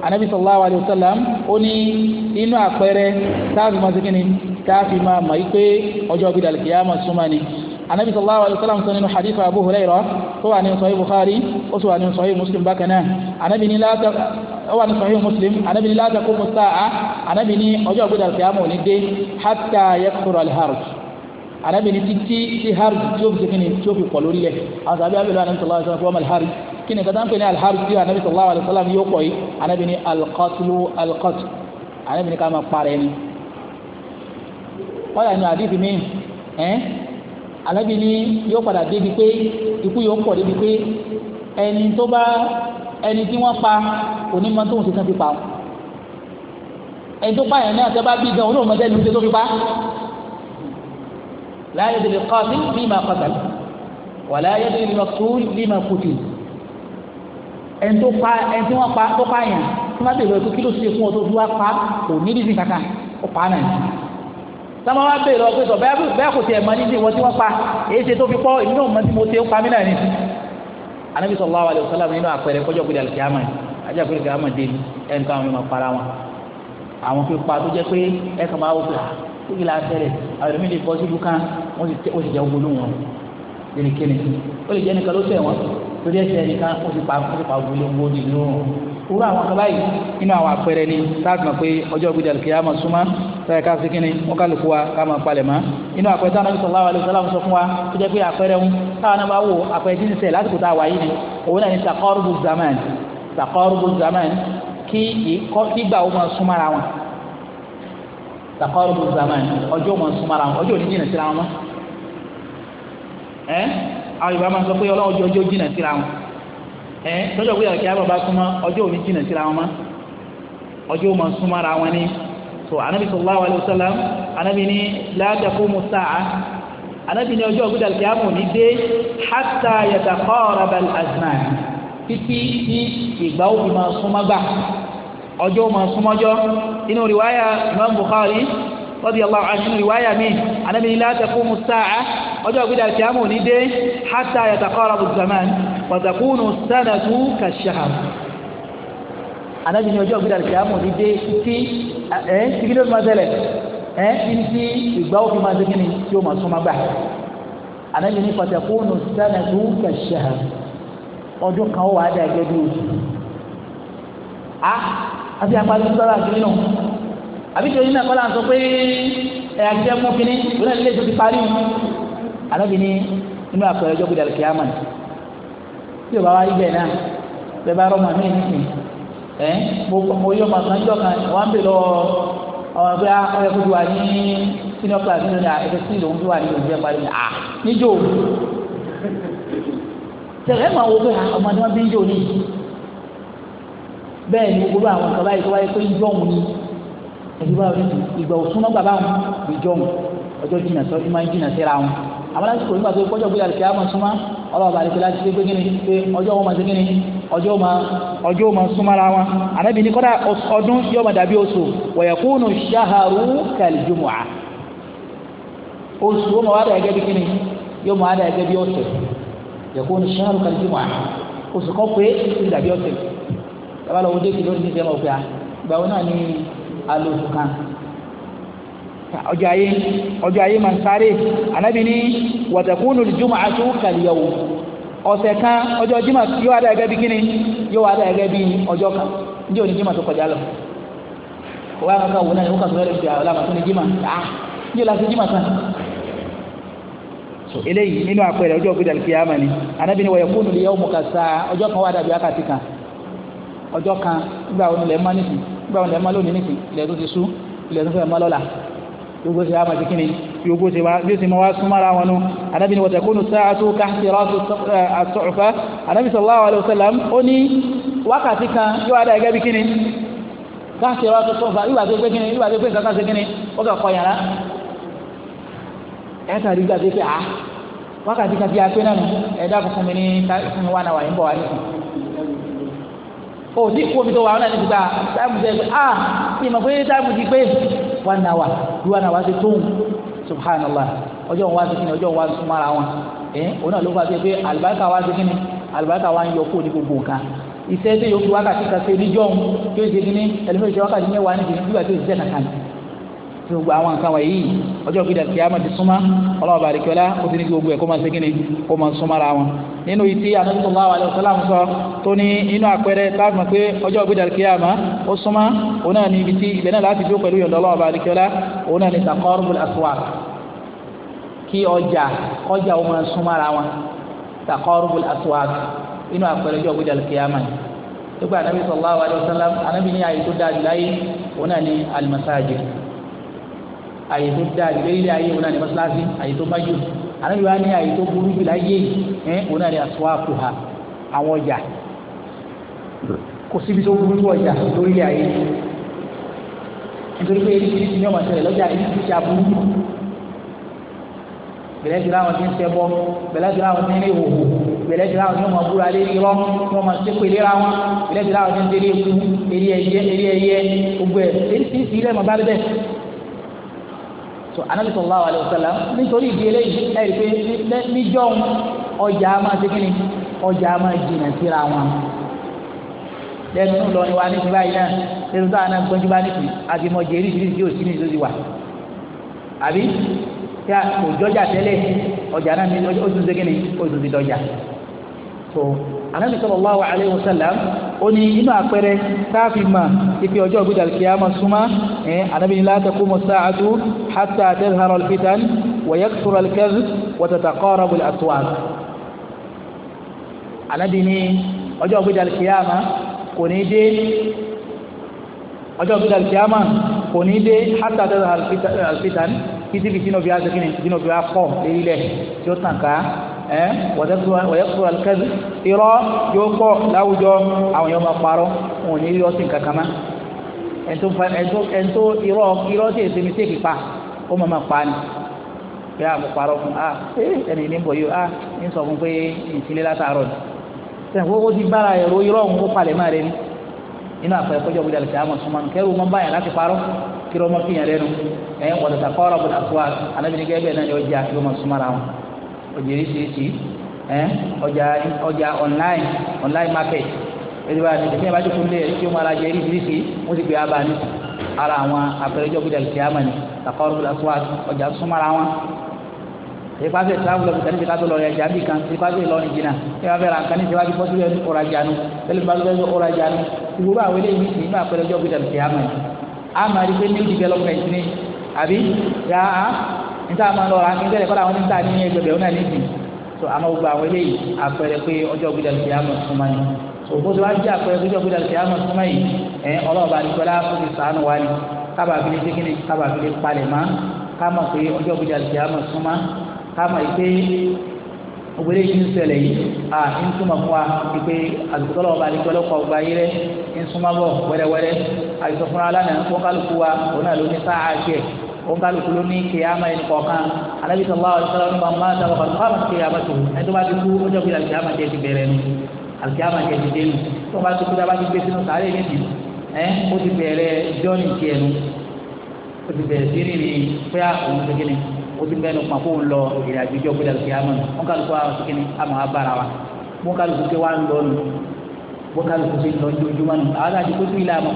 anabi sallallahu alayhi wa sallam ó ní inú àpẹẹrẹ táàfin máa segin ni táàfin máa mọ̀ yí pé ọjọ́ bíi dàlùkìyàmọ̀ súnmọ́ ni anabi sallallahu alayhi wa sallam sọ nínú hadith abu hurairah tó wà nínú sahih bukhari ó sì wà nínú sahih muslim bákan náà anabi ní láti wà ní sahih muslim anabi ní láti kó musaa anabi ní ọjọ́ bíi dàlùkìyàmọ̀ ò ní dé hatta yakuru alharj anabi ní títí tí harj tí ó fi segin ni tí ó fi pọ̀ lórí lẹ̀ àwọn sábẹ́ abẹ́lẹ́ anabi sallallahu alayhi wa sallam fọwọ́ kí ni kàtà ń pè ní alharb tí anabi sallallahu alayhi wa sallam yóò pọ̀ yìí anabi ní alqatlu alqatlu anabi ní ká máa parẹ́ ni wọ́n yà ní àdìsí mi ẹ́ anabi ní yóò padà débi pé ikú yóò pọ̀ débi pé ẹni tó bá ẹni tí wọ́n pa òní máa tóun ti sàn fi pa ọ́ ẹni tó pààyàn náà tẹ́ bá bí gan olóòmọ tẹ́ tó fi pa la yadri qatil bima qatal wa la yadri maqtul bima qutil ẹni tó pa ẹni tí wọ́n pa tó pa yẹn tí wọ́n bèèrè ọdún kí ló ṣe fún ọdún wá pa kò ní rísìn kankan ó pa náà sábà wá bèèrè ọdún sọ bẹ́ẹ̀ kò tiẹ̀ mọ nídìí wọn tí wọ́n pa èyí ṣe tó fi pọ́ èmi náà mọ tí mo ṣe ó pa mí náà ni. anabi sallallahu alaihi wasallam nínú àpẹẹrẹ kọjọ gbé dàlùkì àmà ajá gbé dàlùkì àmà dé ní àwọn ọmọ para wọn àwọn fi pa tó jẹ pé ẹ kàn máa wò pé ó ah, yìí la tẹ́lẹ̀ àwọn èmi lè bọ́ sílùú kan wọ́n ti jẹ́ ogun lóhùn wọn torí ẹsẹ̀ nìkan ó ti pa ó ti pa wọlé owó ní ìlú òun wúrọ̀ àwọn kan báyìí nínú àwọn àpẹẹrẹ ni láti mọ̀ pé ọjọ́ ògbé dàlùkì á máa súnmọ́ sọ́yà ká sí kínní wọ́n ká lè kó wa ká máa palẹ̀ mọ́ inú àpẹẹrẹ táwọn ọ̀sán láwọn àlejò aláwọ̀ sọ fún wa tó jẹ́ pé àpẹẹrẹ ń táwọn náà bá wò àpẹẹrẹ tí ń sẹ̀ lásìkò tá a ni òun náà ní takọ́rùbù zaman takọ́rùbù zaman kí ìgbà ó máa súnmọ́ra wọn takọ́rùbù zaman ọjọ́ ó máa súnmọ́ra wọn ọjọ́ òní àwọn yorùbá máa sọ pé ọlọ́run jọ ọjọ́ jìnnà síra wọn ẹ lọ́jọ́ pé ọ̀kẹ́ àbàbà súnmọ́ ọjọ́ òní jìnnà síra wọn mọ́ ọjọ́ òmò súnmọ́ ara wọn ni so anabi sallallahu alayhi wa sallam anabi ni la taqumu sa'a anabi ni ọjọ́ ògbúdà kí á mọ̀ ní dé hatta yataqaraba al-azman títí tí ìgbà òbí máa súnmọ́ gbà ọjọ́ òmò súnmọ́jọ́ inú riwaya imam bukhari radiyallahu anhu riwaya mi anabi ni la taqumu sa'a ọjọ́ gbígbà kìámù ní dé hatta yataqarabu zaman wa takunu sanatu kash-shahr anabi ni ọjọ́ gbígbà kìámù ní dé títí ẹ títí ló fi àbí tòun náà kọ́lá sọ pé ẹ̀ àtijọ́ mú kínní òun náà lè tó ti parí wọn àlọ́bì ní inú àpẹẹrẹ ọjọ́ gbọdọ̀ kí á mọ̀ tí o bá wá ibẹ̀ náà bẹ́ẹ̀ bá rọ́mọ mí nìyí ẹ̀ mo yọ ọmọ kan jọ kan wọ́n bè lọ ọmọ ẹgbẹ́ ọ̀rẹ́ kúndùwà ní senior class nínú ní ẹgbẹ́ sí ìlú òǹdùwà ní òǹdùwà parí ní à níjó tẹ̀lé máa wo pé ah, ọmọ tí wọ́n bí ń jò ní bẹ́ẹ̀ ni gbogbo àwọn kan ẹbí bá rí ìgbà òsúnmọ́ bàbá wọn ìjọ wọn ọjọ́ jìnnà sọ ìmọ̀ jìnnà síra wọn àwọn lásìkò nígbà tó kọjọ gbéra kí á máa súnmọ́ ọlọ́ọ̀bà àti kíláàsì pé pé kíni pé ọjọ́ wọn máa ṣe kíni ọjọ́ máa ọjọ́ máa súnmọ́ra wọn ànábì ní kọ́dà ọdún yóò máa dàbí oṣù wọ̀yẹ̀kúnù ṣáhàrú kàlìjùmọ̀á oṣù wọn máa wá dà gẹ́gẹ́ bí kíni yóò máa wá dà gẹ́gẹ́ bí ọ̀sẹ̀ yẹ̀kúnù ṣáhàrú kàlìjùmọ̀á oṣù kan pé ó ti dàbí ọ̀sẹ̀ alóṣù kan ọjọ́ ayé ọjọ́ ayé máa ń sáré ànábì ní wàtàkùnù jumu'atu kàlíyàwó ọ̀sẹ̀ kan ọjọ́ jimá yóò wá dá ẹgẹ́ bí kíni yóò wá dá ẹgẹ́ bí ọjọ́ kan ní òní jimá tó kọjá lọ wọ́n á kankan wò náà ní wọ́n kankan lọ́dọ̀ fi àwọn ọlọ́mọ tó ní jimá ah ní ìlànà tó jimá kan eléyìí nínú àpẹẹrẹ ọjọ́ ògbé dàlùkì yàmà ni anábìíní wọ̀nyẹ kúnnù lè yẹ ọmọ kan wà dàbí wákàtí kan ọjọ́ kan nígbà wo ni gbàwọn ilẹ̀ máa lónìí nìsín ilẹ̀ tó ti sú ilẹ̀ tó fẹ́ máa lọ́la yóò ṣe àmàtí kíni yóò ṣe wá bí ó ṣe máa wá súnmọ́ra wọn nú anábì ni wọ́n tẹ̀kún ní sáàtú káàkiri ráṣù àtọ̀ọ̀fẹ́ anábì sallallahu alaihi wasallam ó ní wákàtí kan yóò adá ẹgẹ́ bí kíni káàkiri ráṣù tọ̀ọ̀fẹ́ ìgbà tó gbé kíni ìgbà tó gbé nǹkan kan ṣe kíni ó kà kọ yàrá ẹ̀ tàbí ìgbà tó gbé à ah, wákàtí kan ti a pé náà ẹ̀dá fún mi ní fún mi wà náà wà ń bọ̀ wá nísìnyí o ní kú omi tó wà wọn náà ní gbígbà táìmù tẹ pé ah ni ìmọ̀ pé táìmù ti pé wọn náà wà ju wọn náà wá sí tóun subhanallah ọjọ́ wọn wá sí kíni ọjọ́ wọn wá sí súnmọ́ra wọn ẹ̀ òun náà ló fà sí pé àlùbáríkà wá sí kíni àlùbáríkà wá ń yọ kó ní gbogbo nǹkan iṣẹ́ tó yọ kí wákàtí kan ṣe níjọ́ òun kí ó ṣe kíní ẹlẹ́fẹ̀ẹ́ ṣe wákàtí mẹ́wàá níbi nígbà tó ṣiṣẹ́ kankan tí gbogbo àwọn nǹkan wọ̀nyí ọjọ́ gbígbà tí a máa ti súnmọ́ ọlọ́ọ̀bà àdìkọ́lá ó ti ní kí gbogbo ẹ̀ kó máa ṣe kí ni kó máa súnmọ́ ara wọn nínú ìtí anásùnmọ́ àwọn alẹ́sọ́lám sọ tó ní inú àpẹẹrẹ táàmù pé ọjọ́ gbígbà tí a máa ó súnmọ́ òun náà ní ibi tí ibẹ̀ náà láti dúró pẹ̀lú yọ̀ǹda ọlọ́ọ̀bà àdìkọ́lá òun náà òun náà ní àyè tó dáa jù lórí ilé ayé òun náà ní mọ́ṣáláṣí àyè tó bá jù ànábì wa ní àyè tó burú jù láyé ẹ òun náà ní aswaqu ha àwọn ọjà kò síbi tó burú tó ọjà lórí ilé ayé nítorí pé eréjì ní ọmọ ìṣẹ̀lẹ̀ lọ́jà eréjì ti aburú bẹ̀rẹ̀ jùlọ àwọn tí ń tẹ bọ́ bẹ̀rẹ̀ jùlọ àwọn tí ń rí òwò bẹ̀rẹ̀ jùlọ àwọn tí wọ́n máa búra lé ní irọ́ tí pèlè ra wọn bẹ̀rẹ̀ jùlọ àwọn tí ń tẹ̀lé ikú eré ẹyẹ eré ẹyẹ gbogbo ẹ̀ èyí sì ń sílẹ̀ so anabi sallallahu alayhi wa sallam nítorí ìdí eléyìí ẹ rí i pé níjọ́ ọjà máa ṣe kíni ọjà máa jìnnà síra wọn lẹ́nu lọ ni wà ní ìgbà yìí náà lẹ́nu tó àná gbọ́njú bá nìkú àbímọ̀jẹ̀ eréṣiríṣi yóò sí ní ìlú wa àbí tí a kò jọjà tẹ́lẹ̀ ọjà náà ní oṣù ṣe kíni oṣù ti dọjà so anabi sallallahu alayhi wa sallam ó ní inú àpẹẹrẹ káfí ma ife ọjọ́ ìgbéjà kìáma súnmọ́ ẹ anabi ní la taqumu as-sa'atu hatta tazhara al-fitan wa yakthura al-kadhb wa tataqarabu al-aswaq anabi ní ọjọ́ ìgbéjà kìáma kò ní dé ọjọ́ ìgbéjà kìáma kò ní dé hatta tazhara al-fitan kìtìkìtì náà bí a ṣe kí ni jìnnà bí a kọ́ ẹ wọ̀yẹ́kùrọ̀ alikẹ́bí irọ́ yóò pọ̀ láwùjọ àwọn yóò máa parọ́ wọn ò ní irọ́ sí nǹkan kan mọ́ ẹ̀ńtó ẹ̀ńtó irọ́ irọ́ tí èsì mi tèkì pa ó máa máa pa ni pé àmọ́ ah, parọ́ fún a ah, ẹni ní bọ̀ yìí a ah, ń sọ fún pé ìtìlẹ̀ látàárọ̀ ni sẹ́yìn kó o ti bára ẹ̀rọ irọ́ òun kó palẹ̀ máa rẹ ni inú àpẹ kọjọ gbọdọ àti àmọ súnmọ kẹrù mọ báyà láti parọ́ kí ló mọ fi yàn lẹ́nu ẹ̀yìn wọ̀dọ̀tà kọ́ ọ̀rọ̀ bọ̀dọ̀ àkúwà anábìnrin gẹ́gẹ́ bẹ́ẹ̀ náà yóò jẹ́ àti yóò mọ súnmọ́ra wọn ọjà oríṣiríṣi eh, ọjà ọjà online online market ẹ̀rọ àti ìdílé bá jókòó lé ẹ̀rí tí wọ́n alájẹ oríṣiríṣi wọ́n ti pè á bá a ní ara àwọn apẹ̀rẹ̀jọ́ gbé dàgbé kíá mọ̀ni kàkọ́rọ́ bí lásán ọjà súnmọ́ra wọn ìpàfẹ́ táwọn ọ̀gbìn tẹ́lifí ká tó lọ rẹ̀ ẹja bí kan ìpàfẹ́ ìlọrin jìnnà ìpàfẹ́ ra nǹkan ní ìṣèwádìí fọ́sí rẹ̀ ọ̀rọ̀ àjànú tẹ́lifí bá tó fẹ́ ọ̀rọ̀ àjànú ìwúrò àwọn eléyìí ní ìgbà pẹ̀lú ọjọ́ gbé dàgbé àmàlí pé new development ni àbí yàrá níta máa lọ ra kí n tẹ́lẹ̀ kọ́ra àwọn níta ní ẹgbẹ̀rún náà níbi so àmọ́ gbogbo àwọn eléyìí àpẹẹrẹ pé ọjọ́ gbígbà àmọ̀ fún ma so bó ti wá jẹ́ àpẹẹrẹ pé ọjọ́ gbígbà ti àmọ̀ fún ma yìí ẹ ọlọ́ọ̀bá nìkọ́lá fún kábà fi lè kí ni kábà fi lè palẹ̀ má kámọ̀ pé ọjọ́ gbígbà ma kámọ̀ pé yìí à ń túmọ̀ fún wa pé yìí ń súnmọ́ bọ̀ wẹ́rẹ́wẹ́rẹ́ ó kálukú ló ní kéama ẹni kọ̀ọ̀kan alábi sọ̀rọ̀ àwọn ìṣẹ̀lẹ̀ ọ̀nà máa ń dábọ̀ kọ̀ọ̀kan fáwọn kéama tó ẹni tó bá ti kú ó jọ pé àlùkìyàmà jẹ́ ti bẹ̀rẹ̀ nu àlùkìyàmà jẹ́ ti dé nu tó bá ti kú dábàá ti gbé sínú sàárè níbi ẹ ó ti bẹ̀rẹ̀ jọ́ọ̀nì tiẹ̀ nu ó ti bẹ̀rẹ̀ sírì ní pé àwọn ọmọ kékeré ó ti bẹ̀rẹ̀ pàpọ̀ ń lọ ìrìn àjò jọ pé àlùkìyàmà nu wọn kálukú àwọn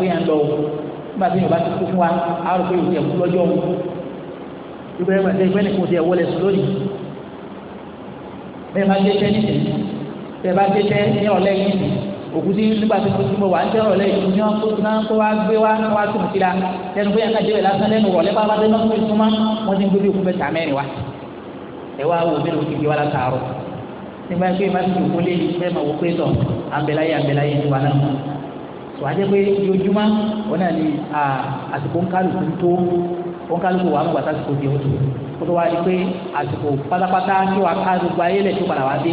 kékeré nígbà tí yorùbá ti kú fún wa àwọn òkè yóò tẹ̀ kú lọ́jọ́ òun ìgbẹ́ ìgbà tí ìgbẹ́ nìkan tẹ̀ wọlé sùn lónìí bẹ́ẹ̀ bá dé tẹ́ nìyẹn bẹ́ẹ̀ bá dé tẹ́ ní ọ̀lẹ́ yìí òkúti nígbà tó ti mọ wà ń tẹ́rọ̀ lẹ́yìn ní wọ́n kó náà kó wá gbé wá wá tó ń tira lẹ́nu bóyá ká jẹ́wẹ̀ lásán lẹ́nu wọ̀lẹ́ bá wá náà fún ìtumá wọ́n ti ń gbé bí òkú bẹ́ẹ̀ mẹ́rin wa ẹ wá wò mí ló ti gbé wá látàárọ̀ nígbà pé má ti kó lé ní bẹ́ẹ̀ máa wò pé tọ̀ àmbẹ̀láyé àmbẹ̀láyé ti wà náà tó a jẹ́ pé ojoojúmọ́ wọn náà ni àsìkò ńkálùkù tó ńkálùkù wà ń gbà sásìkò di o tó kó tó wá di pé àsìkò pátápátá tí wàá ká gbogbo ayé lẹ̀ tó padà wá dé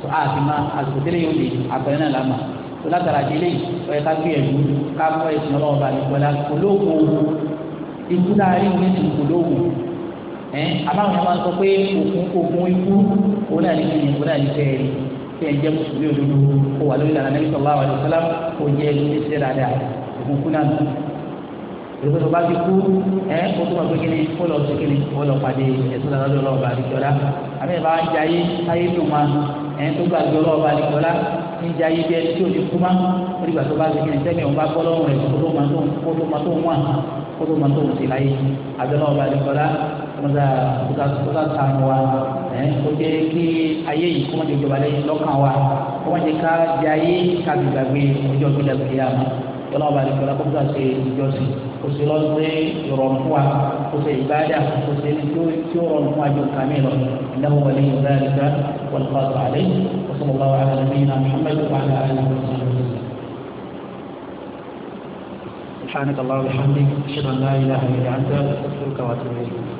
tó a ti ma àsìkò tẹ́lẹ̀ yóò lè àpẹẹrẹ náà lámà tó látara délé ọ̀yẹ́ ká gbìyànjú ká kọ́ ẹ̀sìn ọlọ́wọ́ bá mi kọ́lá olóògùn ikú láàrin oníṣìí olóògùn ẹ̀ abáwọn ọmọ sọ pé òkun òkun ikú òun náà ni òun kí ẹ jẹ́ mùsùlùmí òdodo kó wà lórí ìlànà nàbí sallallahu alaihi wasallam kó jẹ́ ẹni ní sílẹ̀ dáadáa òkùnkùn náà nù. èrò tó bá ti kú ẹ kó tó ma pé kíni kó lọ sí kíni kó lọ pàdé ẹ̀sùn lọ́dọ̀ lọ́dọ̀ ọba àdìjọ́lá àmì ìbá ń jayé táyé dùn ma ẹ tó gbà jọ lọ́dọ̀ ọba àdìjọ́lá ń jayé bí ẹni tí ò ní kú má ó dìgbà tó bá ti kíni sẹ́mi òun bá gbọ́ lọ́rùn rẹ̀ kó tó ma tó ń wà kó tó ma tó ń sí láyé àjọ lọ́dọ̀ ọba àdìjọ́lá kọ́ńtà kọ́ńtà kọ́ńtà tàn wá ẹ̀ ó jẹ́ kí ayé yìí kó má jẹ́ ìjọba lẹ́yìn lọ́kàn wa kó má jẹ́ ká di ayé ká fi gbàgbé ọjọ́ tó dàbí yá ma yọlá ọba àti ìfọlá kọ́ńtà ṣe ìjọsìn kó ṣe lọ́sẹ̀ ìrọ̀rùn wa kó ṣe ìbáàdà kó ṣe ní tí ó rọrùn àjọ kàmí lọ ìdáhùn wọlé ìgbà وصلى الله على نبينا محمد وعلى اله وصحبه سبحانك اللهم وبحمدك اشهد ان لا اله الا انت استغفرك واتوب اليك